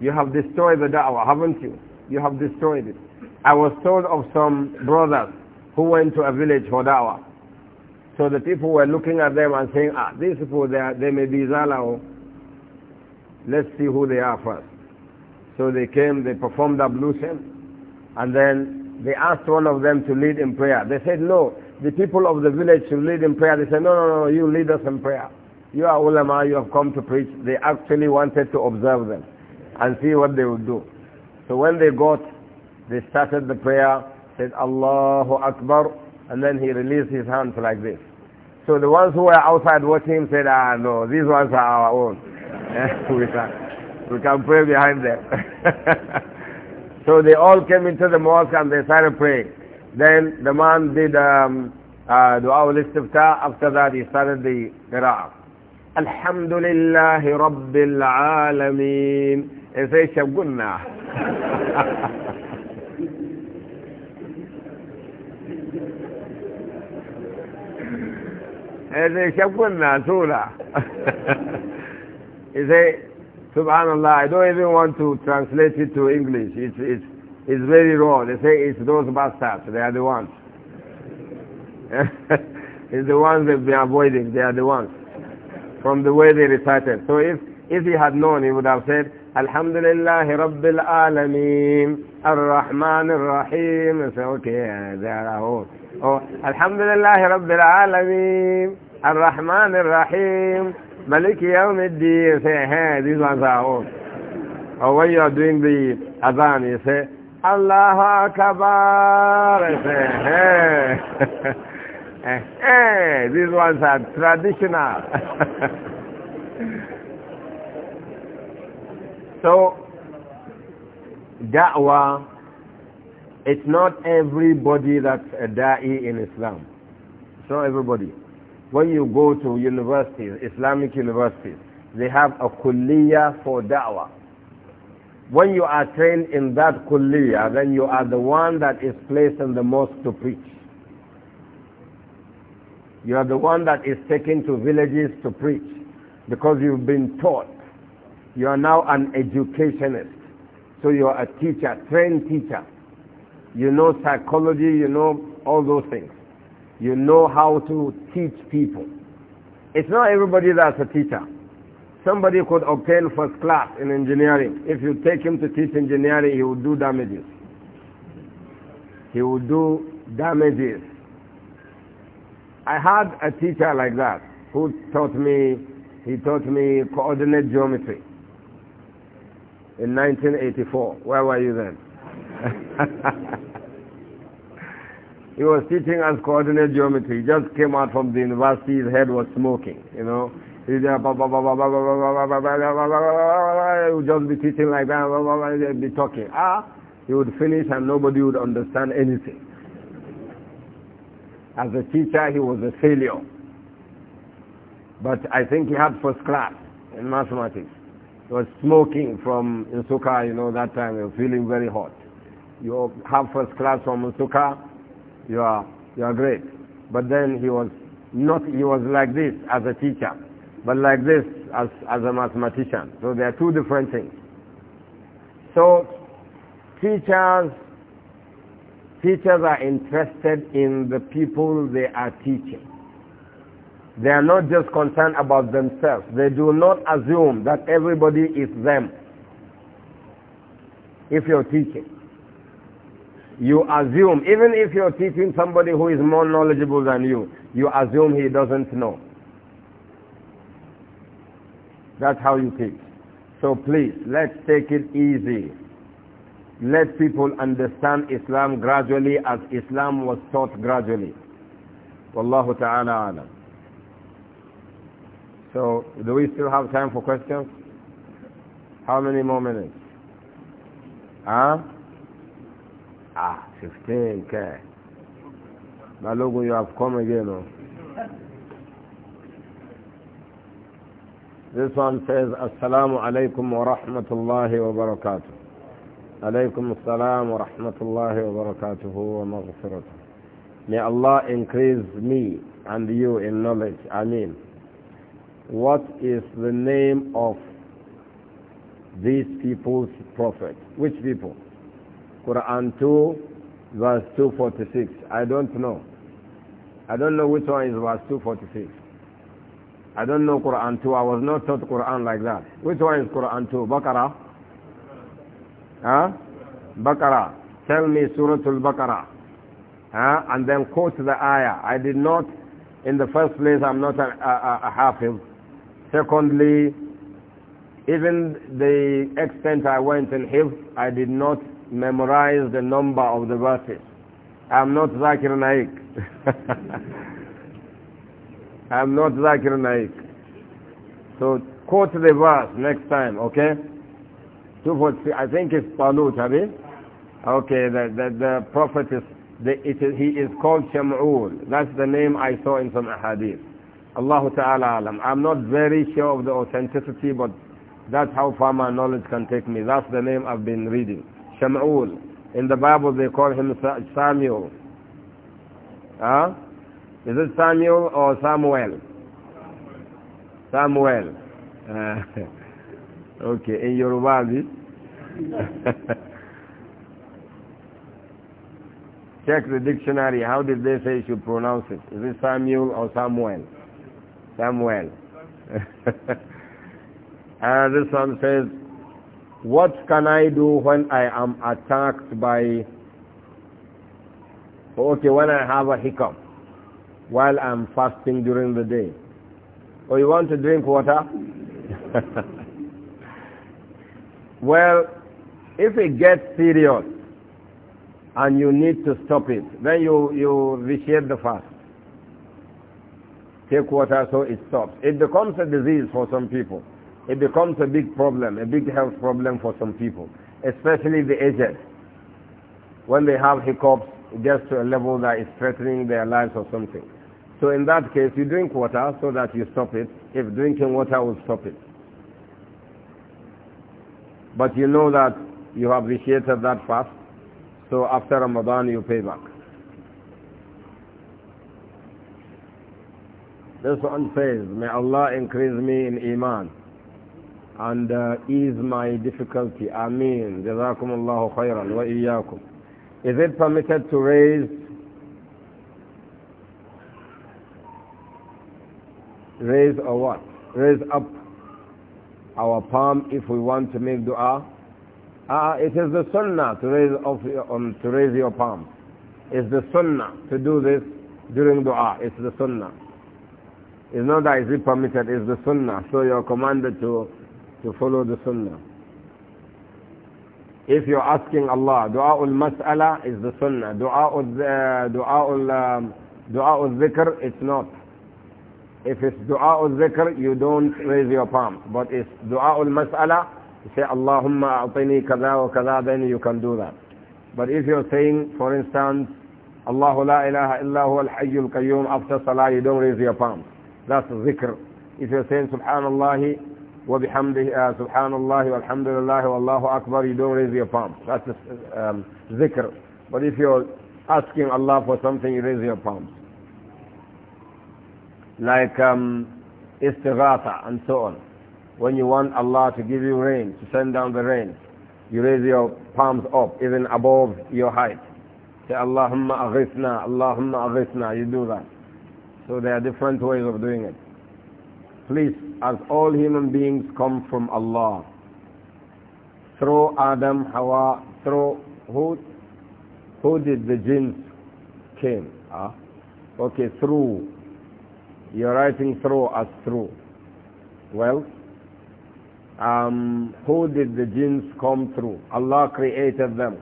you have destroyed the da'wah haven't you you have destroyed it I was told of some brothers who went to a village for da'wah so the people were looking at them and saying, ah, these people, they, are, they may be Zalao. Let's see who they are first. So they came, they performed ablution, and then they asked one of them to lead in prayer. They said, no, the people of the village should lead in prayer. They said, no, no, no, you lead us in prayer. You are ulama, you have come to preach. They actually wanted to observe them and see what they would do. So when they got, they started the prayer, said, Allahu Akbar, and then he released his hands like this. So the ones who were outside watching said, ah, no, these ones are our own. we, can, we can pray behind them. so they all came into the mosque and they started praying. Then the man did um, uh, dua al-istiftah. After that he started the qira'ah. Alhamdulillah Rabbil Alameen. He sai shakkun na sola he say subhanallah I don't even want to translate it to English it's, it's, it's very raw they say it's those bastards they are the ones it's the ones they've been avoiding they are the ones from the way they recited so if if he had known he would have said Alhamdulillah Rabbil Alameen Ar-Rahman Ar-Rahim say okay there are all oh Alhamdulillah Rabbil Alameen Ar-Rahman Ar-Rahim, Malik Yawm say, hey, these ones are old. Or oh, when you are doing the Adhan, you say, Allah Akbar, say, hey. hey, eh, eh, these ones are traditional. so, da'wah, it's not everybody that's a da'i in Islam. It's not everybody. When you go to universities, Islamic universities, they have a kulliya for da'wah. When you are trained in that kulliya, then you are the one that is placed in the mosque to preach. You are the one that is taken to villages to preach because you've been taught. You are now an educationist. So you are a teacher, trained teacher. You know psychology, you know all those things. You know how to teach people. It's not everybody that's a teacher. Somebody could obtain first class in engineering. If you take him to teach engineering, he will do damages. He will do damages. I had a teacher like that who taught me, he taught me coordinate geometry in 1984. Where were you then? He was teaching us coordinate geometry. He just came out from the university, his head was smoking, you know. He'd just be teaching like that, he'd be talking. Ah, he would finish and nobody would understand anything. As a teacher, he was a failure. But I think he had first class in mathematics. He was smoking from Nsuka, you know, that time, he was feeling very hot. You have first class from Nsuka, you are, you are great. But then he was not, he was like this as a teacher, but like this as, as a mathematician. So there are two different things. So teachers, teachers are interested in the people they are teaching. They are not just concerned about themselves. They do not assume that everybody is them if you're teaching you assume, even if you're teaching somebody who is more knowledgeable than you, you assume he doesn't know. That's how you teach. So please, let's take it easy. Let people understand Islam gradually as Islam was taught gradually. Wallahu ta'ala alam. So, do we still have time for questions? How many more minutes? Ah? Huh? Ah, 15, okay. Now, look Balogun, you have come again. Oh. This one says, Assalamu alaikum wa rahmatullahi wa barakatuh. Alaykum assalam wa rahmatullahi wa barakatuhu wa maghfiratuh. May Allah increase me and you in knowledge. Ameen. What is the name of these people's prophet? Which people? Quran 2, verse 246. I don't know. I don't know which one is verse 246. I don't know Quran 2. I was not taught Quran like that. Which one is Quran 2? Baqarah? Huh? Baqarah. Tell me Surah Al-Baqarah. Huh? And then quote the ayah. I did not, in the first place, I'm not a, a, a Secondly, even the extent I went in Hifz, I did not memorize the number of the verses. I'm not Zakir Naik. I'm not Zakir Naik. So quote the verse next time, okay? 243, I think it's Talut, have you? Okay, the, the, the prophet is, the, it is he is called Sham'ul. That's the name I saw in some hadith. Allah Ta'ala alam. I'm not very sure of the authenticity, but that's how far my knowledge can take me. That's the name I've been reading. Shamuel. In the Bible they call him Samuel. Huh? Is it Samuel or Samuel? Samuel. Uh, okay, in Yoruba, Check the dictionary. How did they say you should pronounce it? Is it Samuel or Samuel? Samuel. uh, this one says, what can I do when I am attacked by, okay, when I have a hiccup while I'm fasting during the day? Or oh, you want to drink water? well, if it gets serious and you need to stop it, then you, you vitiate the fast. Take water so it stops. It becomes a disease for some people it becomes a big problem, a big health problem for some people, especially the aged. When they have hiccups, it gets to a level that is threatening their lives or something. So in that case, you drink water so that you stop it, if drinking water will stop it. But you know that you have initiated that fast, so after Ramadan you pay back. This one says, May Allah increase me in Iman and uh, ease my difficulty. Ameen. Jazakumullahu khairan wa iyyakum. Is it permitted to raise raise or what? Raise up our palm if we want to make dua. Ah, uh, it is the sunnah to raise up um, to raise your palm. It's the sunnah to do this during dua. It's the sunnah. It's not that it's permitted, it's the sunnah. So you're commanded to to follow the sunnah. If you're asking Allah, dua ul mas'ala is the sunnah. Dua ul, uh, dua ul, um, dua ul zikr, it's not. If it's dua ul zikr, you don't raise your palm. But if dua ul mas'ala, you say Allahumma a'tini kaza wa kaza, then you can do that. But if you're saying, for instance, Allahu la ilaha illa huwa al-hayyul qayyum, after salah you don't raise your palm. That's zikr. If you're saying subhanallah, وبحمده uh, سبحان الله والحمد لله والله أكبر you don't raise your palm that's a, um, zikr but if you're asking Allah for something you raise your palms like um, and so on when you want Allah to give you rain to send down the rain you raise your palms up even above your height say Allahumma aghithna Allahumma aghithna you do that so there are different ways of doing it Please, as all human beings come from Allah. Through Adam, Hawa, through who? Who did the jinns came? Huh? Okay, through. You're writing through as through. Well, um, who did the jinns come through? Allah created them.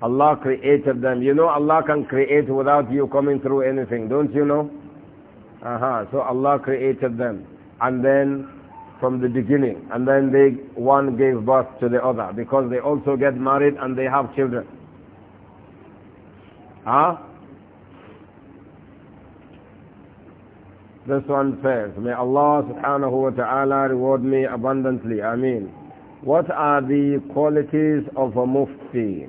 Allah created them. You know Allah can create without you coming through anything, don't you know? uh -huh. so Allah created them. And then from the beginning. And then they, one gave birth to the other because they also get married and they have children. Huh? This one says, May Allah subhanahu wa ta'ala reward me abundantly. mean, What are the qualities of a mufti?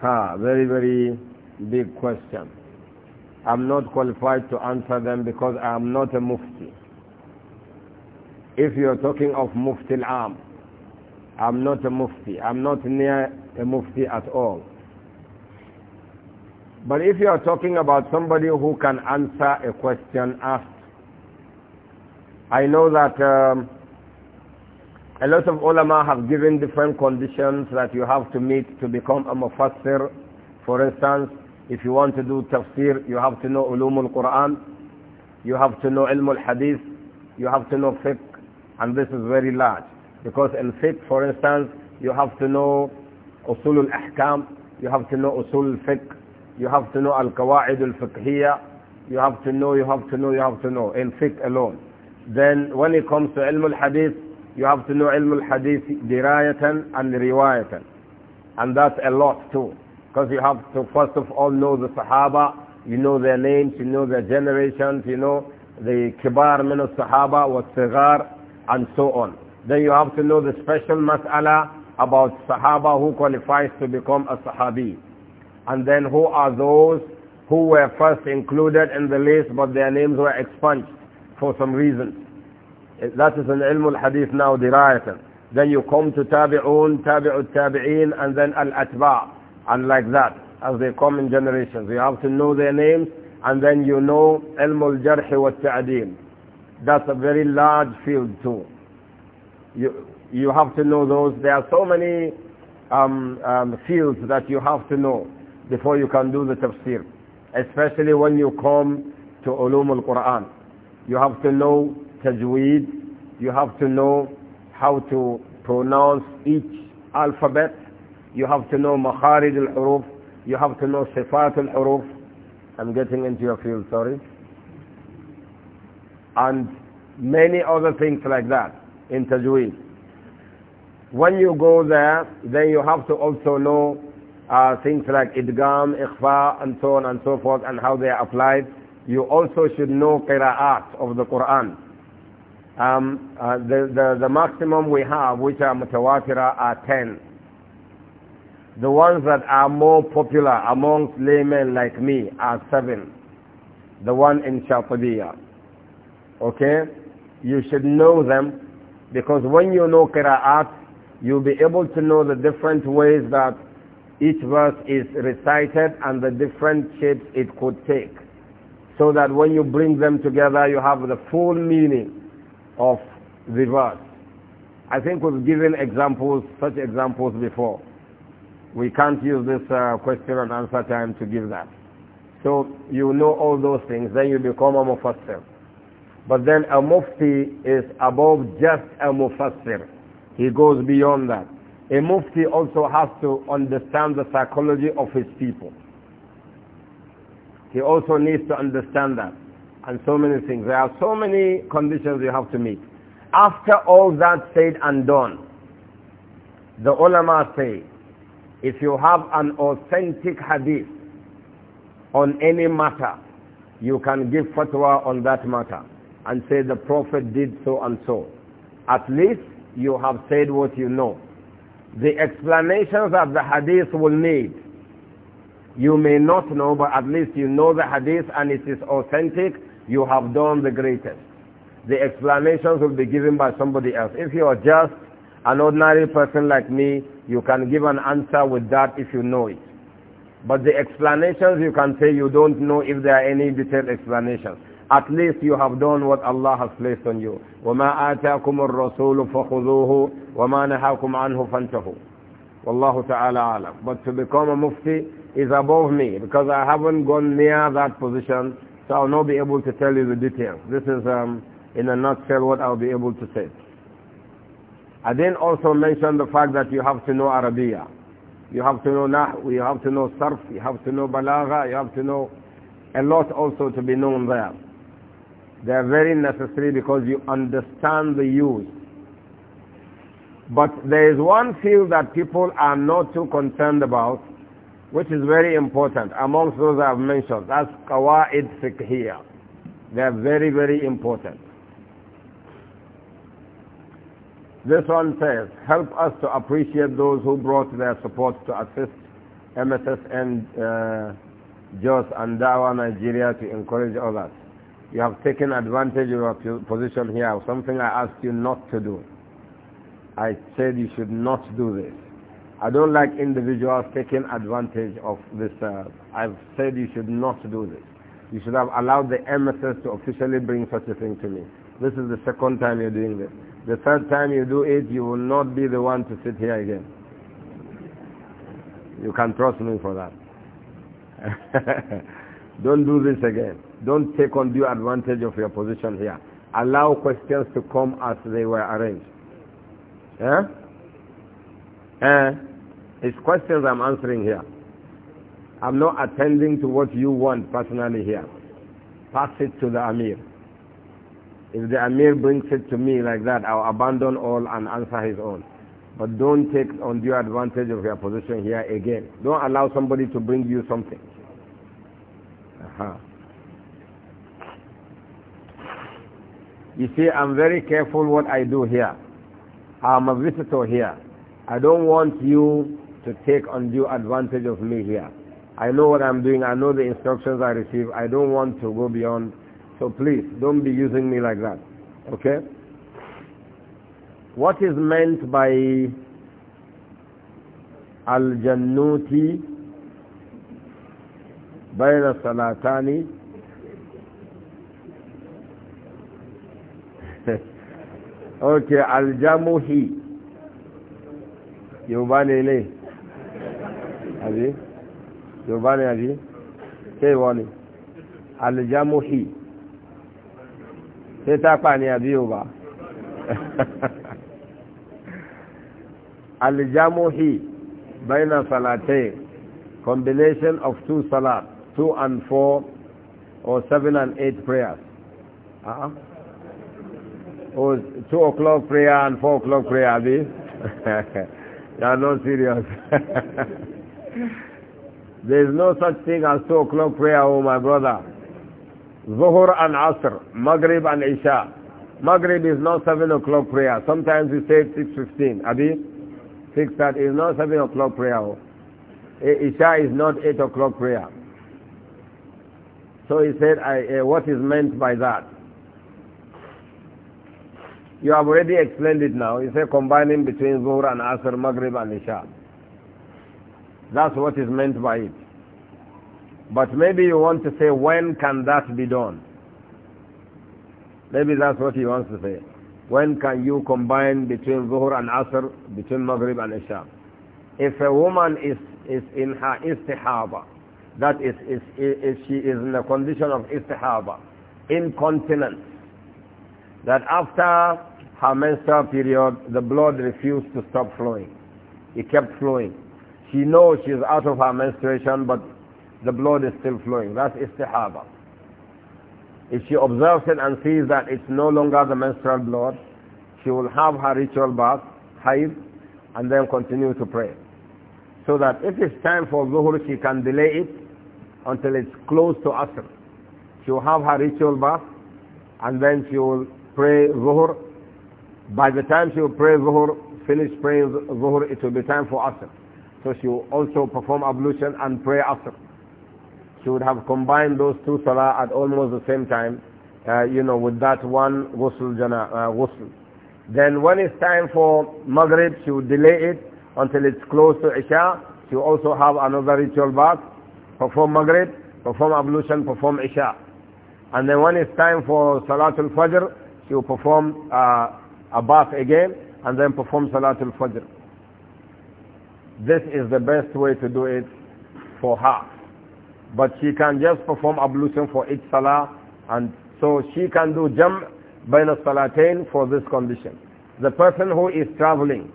Ha, very, very big question. I'm not qualified to answer them because I am not a mufti. If you're talking of mufti al-am, I'm not a mufti. I'm not near a mufti at all. But if you are talking about somebody who can answer a question asked, I know that um, a lot of ulama have given different conditions that you have to meet to become a mufassir. For instance, if you want to do tafsir, you have to know ulumul Quran, you have to know ilmul hadith, you have to know fiqh, and this is very large. Because in fiqh, for instance, you have to know usulul ahkam, you have to know usul fiqh, you have to know al-qawaid al-fiqhiyya, you have to know, you have to know, you have to know, in fiqh alone. Then when it comes to ilmul hadith, you have to know ilmul hadith dirayatan and riwayatan. And that's a lot too. Because you have to first of all know the Sahaba, you know their names, you know their generations, you know the Kibar min al-Sahaba wa Sigar and so on. Then you have to know the special mas'ala about Sahaba who qualifies to become a Sahabi. And then who are those who were first included in the list but their names were expunged for some reason. That is an ilm al-hadith now derived. Then you come to tabi'un, tabi'ut tabi'in and then al-atba' and like that as they come in generations. You have to know their names and then you know ilm al-jarh wa ta'dil. That's a very large field too. You, you have to know those. There are so many um, um, fields that you have to know before you can do the tafsir. Especially when you come to ulum al-Quran. You have to know tajweed. You have to know how to pronounce each alphabet you have to know makharij al-huruf. You have to know sifat al-huruf. I'm getting into your field, sorry. And many other things like that in Tajweed. When you go there, then you have to also know uh, things like idgam, ikhfa, and so on and so forth, and how they are applied. You also should know qira'at of the Quran. Um, uh, the, the, the maximum we have, which are mutawatira, are 10. The ones that are more popular amongst laymen like me are seven. The one in Shafadiya. Okay? You should know them because when you know Qira'at, you'll be able to know the different ways that each verse is recited and the different shapes it could take. So that when you bring them together, you have the full meaning of the verse. I think we've given examples, such examples before. We can't use this uh, question and answer time to give that. So you know all those things, then you become a mufassir. But then a mufti is above just a mufassir. He goes beyond that. A mufti also has to understand the psychology of his people. He also needs to understand that. And so many things. There are so many conditions you have to meet. After all that said and done, the ulama say, if you have an authentic hadith on any matter, you can give fatwa on that matter and say the Prophet did so and so. At least you have said what you know. The explanations that the hadith will need, you may not know, but at least you know the hadith and it is authentic, you have done the greatest. The explanations will be given by somebody else. If you are just an ordinary person like me, you can give an answer with that if you know it. But the explanations, you can say you don't know if there are any detailed explanations. At least you have done what Allah has placed on you. وَمَا آتَاكُمُ الرَّسُولُ فَخُذُوهُ وَمَا نَهَاكُمْ عَنْهُ فَانْتَهُوا Wallahu ta'ala alam. But to become a mufti is above me because I haven't gone near that position so I'll not be able to tell you the details. This is um, in a nutshell what I'll be able to say. I then also mention the fact that you have to know Arabia. You have to know Nahu, you have to know Sarf, you have to know Balagha, you have to know a lot also to be known there. They are very necessary because you understand the use. But there is one field that people are not too concerned about, which is very important amongst those I have mentioned. That's Qawaid Fiqhiyah. They are very, very important. This one says, help us to appreciate those who brought their support to assist MSSN uh, JOS and Dawa Nigeria to encourage others. You have taken advantage of your position here, something I asked you not to do. I said you should not do this. I don't like individuals taking advantage of this. Uh, I've said you should not do this. You should have allowed the MSS to officially bring such a thing to me. This is the second time you're doing this. The third time you do it, you will not be the one to sit here again. You can trust me for that. Don't do this again. Don't take undue advantage of your position here. Allow questions to come as they were arranged. Eh? Eh? It's questions I'm answering here. I'm not attending to what you want personally here. Pass it to the Amir. If the Amir brings it to me like that, I'll abandon all and answer his own. But don't take undue advantage of your position here again. Don't allow somebody to bring you something. Uh -huh. You see, I'm very careful what I do here. I'm a visitor here. I don't want you to take undue advantage of me here. I know what I'm doing. I know the instructions I receive. I don't want to go beyond so please, don't be using me like that. Okay? What is meant by Al-Jannuti Bayna Salatani Okay, Al-Jamuhi Yorùbá ni ilé àbí Yorùbá ni àbí Al-Jamuhi ṣe tápà ní àbí yorùbá alijamuhi bayna salatay combination of two salat two and four or seven and eight prayers uh -huh. or oh, two o'clock prayer and four o'clock prayer abi you are not serious there is no such thing as two o'clock prayer oh my brother Zuhur and Asr, Maghrib and Isha. Maghrib is not 7 o'clock prayer. Sometimes we say 6.15. Abi? six that is not 7 o'clock prayer. Eh, Isha is not 8 o'clock prayer. So he said, I, uh, what is meant by that? You have already explained it now. You say combining between Zuhur and Asr, Maghrib and Isha. That's what is meant by it. But maybe you want to say, when can that be done? Maybe that's what he wants to say. When can you combine between Zuhur and Asr, between Maghrib and Isha? If a woman is, is in her istihaba, that is, is, is, she is in the condition of istihaba, incontinence, that after her menstrual period, the blood refused to stop flowing. It kept flowing. She knows she's out of her menstruation, but the blood is still flowing. That's istihaba. If she observes it and sees that it's no longer the menstrual blood, she will have her ritual bath, haid, and then continue to pray. So that if it's time for zuhur, she can delay it until it's close to asr. She will have her ritual bath, and then she will pray zuhur. By the time she will pray zuhur, finish praying zuhur, it will be time for asr. So she will also perform ablution and pray asr she would have combined those two salah at almost the same time, uh, you know, with that one ghusl, jana, uh, ghusl. Then when it's time for Maghrib, she would delay it until it's close to Isha. She would also have another ritual bath, perform Maghrib, perform ablution, perform Isha. And then when it's time for Salatul Fajr, she will perform uh, a bath again and then perform Salatul Fajr. This is the best way to do it for her but she can just perform ablution for each salah and so she can do jam' bayna salatain for this condition. The person who is traveling,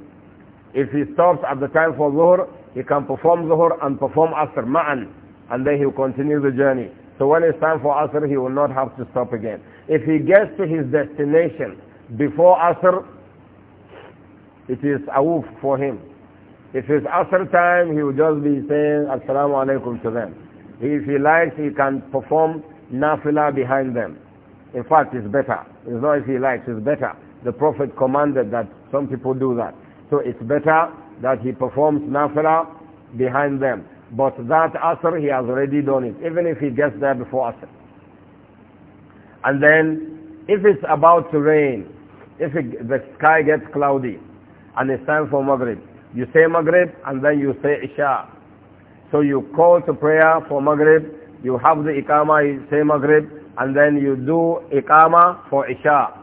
if he stops at the time for zuhur, he can perform zuhur and perform asr ma'an and then he will continue the journey. So when it's time for asr, he will not have to stop again. If he gets to his destination before asr, it is awuf for him. If it's asr time, he will just be saying assalamu alaikum to them. If he likes, he can perform nafila behind them. In fact, it's better. It's not if he likes, it's better. The Prophet commanded that some people do that. So it's better that he performs nafila behind them. But that asr, he has already done it, even if he gets there before asr. And then, if it's about to rain, if it, the sky gets cloudy, and it's time for Maghrib, you say Maghrib, and then you say Isha. So you call to prayer for Maghrib, you have the Iqamah, you say Maghrib, and then you do Iqamah for Isha.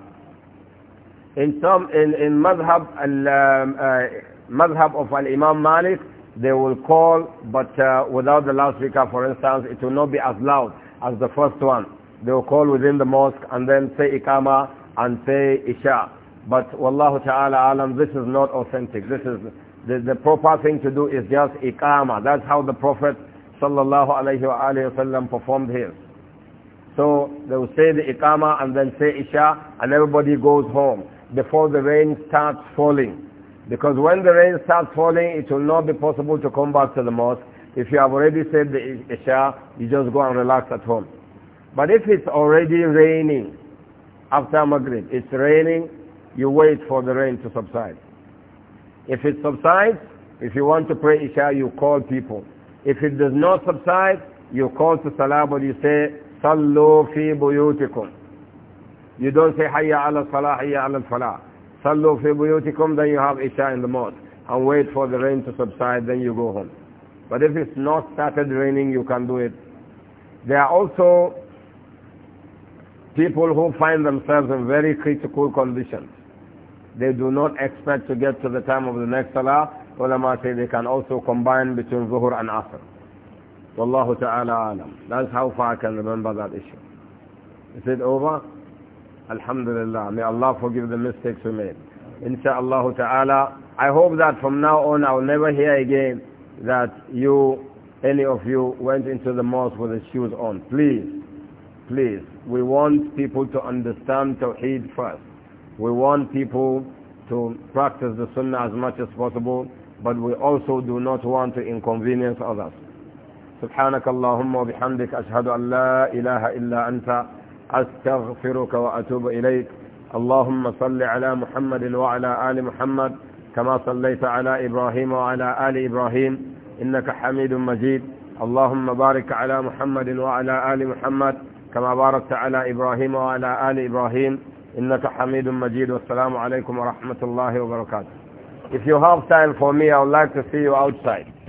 In some, in, in Madhab, al, um, uh, Madhab of Al-Imam Malik, they will call, but uh, without the speaker. for instance, it will not be as loud as the first one. They will call within the mosque and then say Iqamah and say Isha. But Wallahu Ta'ala Alam, this is not authentic. This is the, the proper thing to do is just ikama. That's how the Prophet sallallahu performed his. So they will say the ikama and then say isha and everybody goes home before the rain starts falling. Because when the rain starts falling, it will not be possible to come back to the mosque. If you have already said the isha, you just go and relax at home. But if it's already raining after Maghrib, it's raining, you wait for the rain to subside. If it subsides, if you want to pray Isha, you call people. If it does not subside, you call to Salah, but you say, Sallu fi buyutikum. You don't say, Hayya ala Salah, Hayya ala Salah. Sallu fi buyutikum, then you have Isha in the mosque. And wait for the rain to subside, then you go home. But if it's not started raining, you can do it. There are also people who find themselves in very critical conditions they do not expect to get to the time of the next salah, ulama say they can also combine between zuhur and asr. Wallahu ta'ala alam. That's how far I can remember that issue. Is it over? Alhamdulillah. May Allah forgive the mistakes we made. Insha'Allah ta'ala. I hope that from now on I'll never hear again that you, any of you, went into the mosque with the shoes on. Please, please. We want people to understand Tawheed first. We want people to practice the sunnah as much as possible, but we also do not want to inconvenience others. سبحانك اللهم وبحمدك أشهد أن لا إله إلا أنت أستغفرك وأتوب إليك اللهم صل على محمد وعلى آل محمد كما صليت على إبراهيم وعلى آل إبراهيم إنك حميد مجيد اللهم بارك على محمد وعلى آل محمد كما باركت على إبراهيم وعلى آل إبراهيم إنك حميد مجيد والسلام عليكم ورحمة الله وبركاته If you have time for me, I would like to see you outside.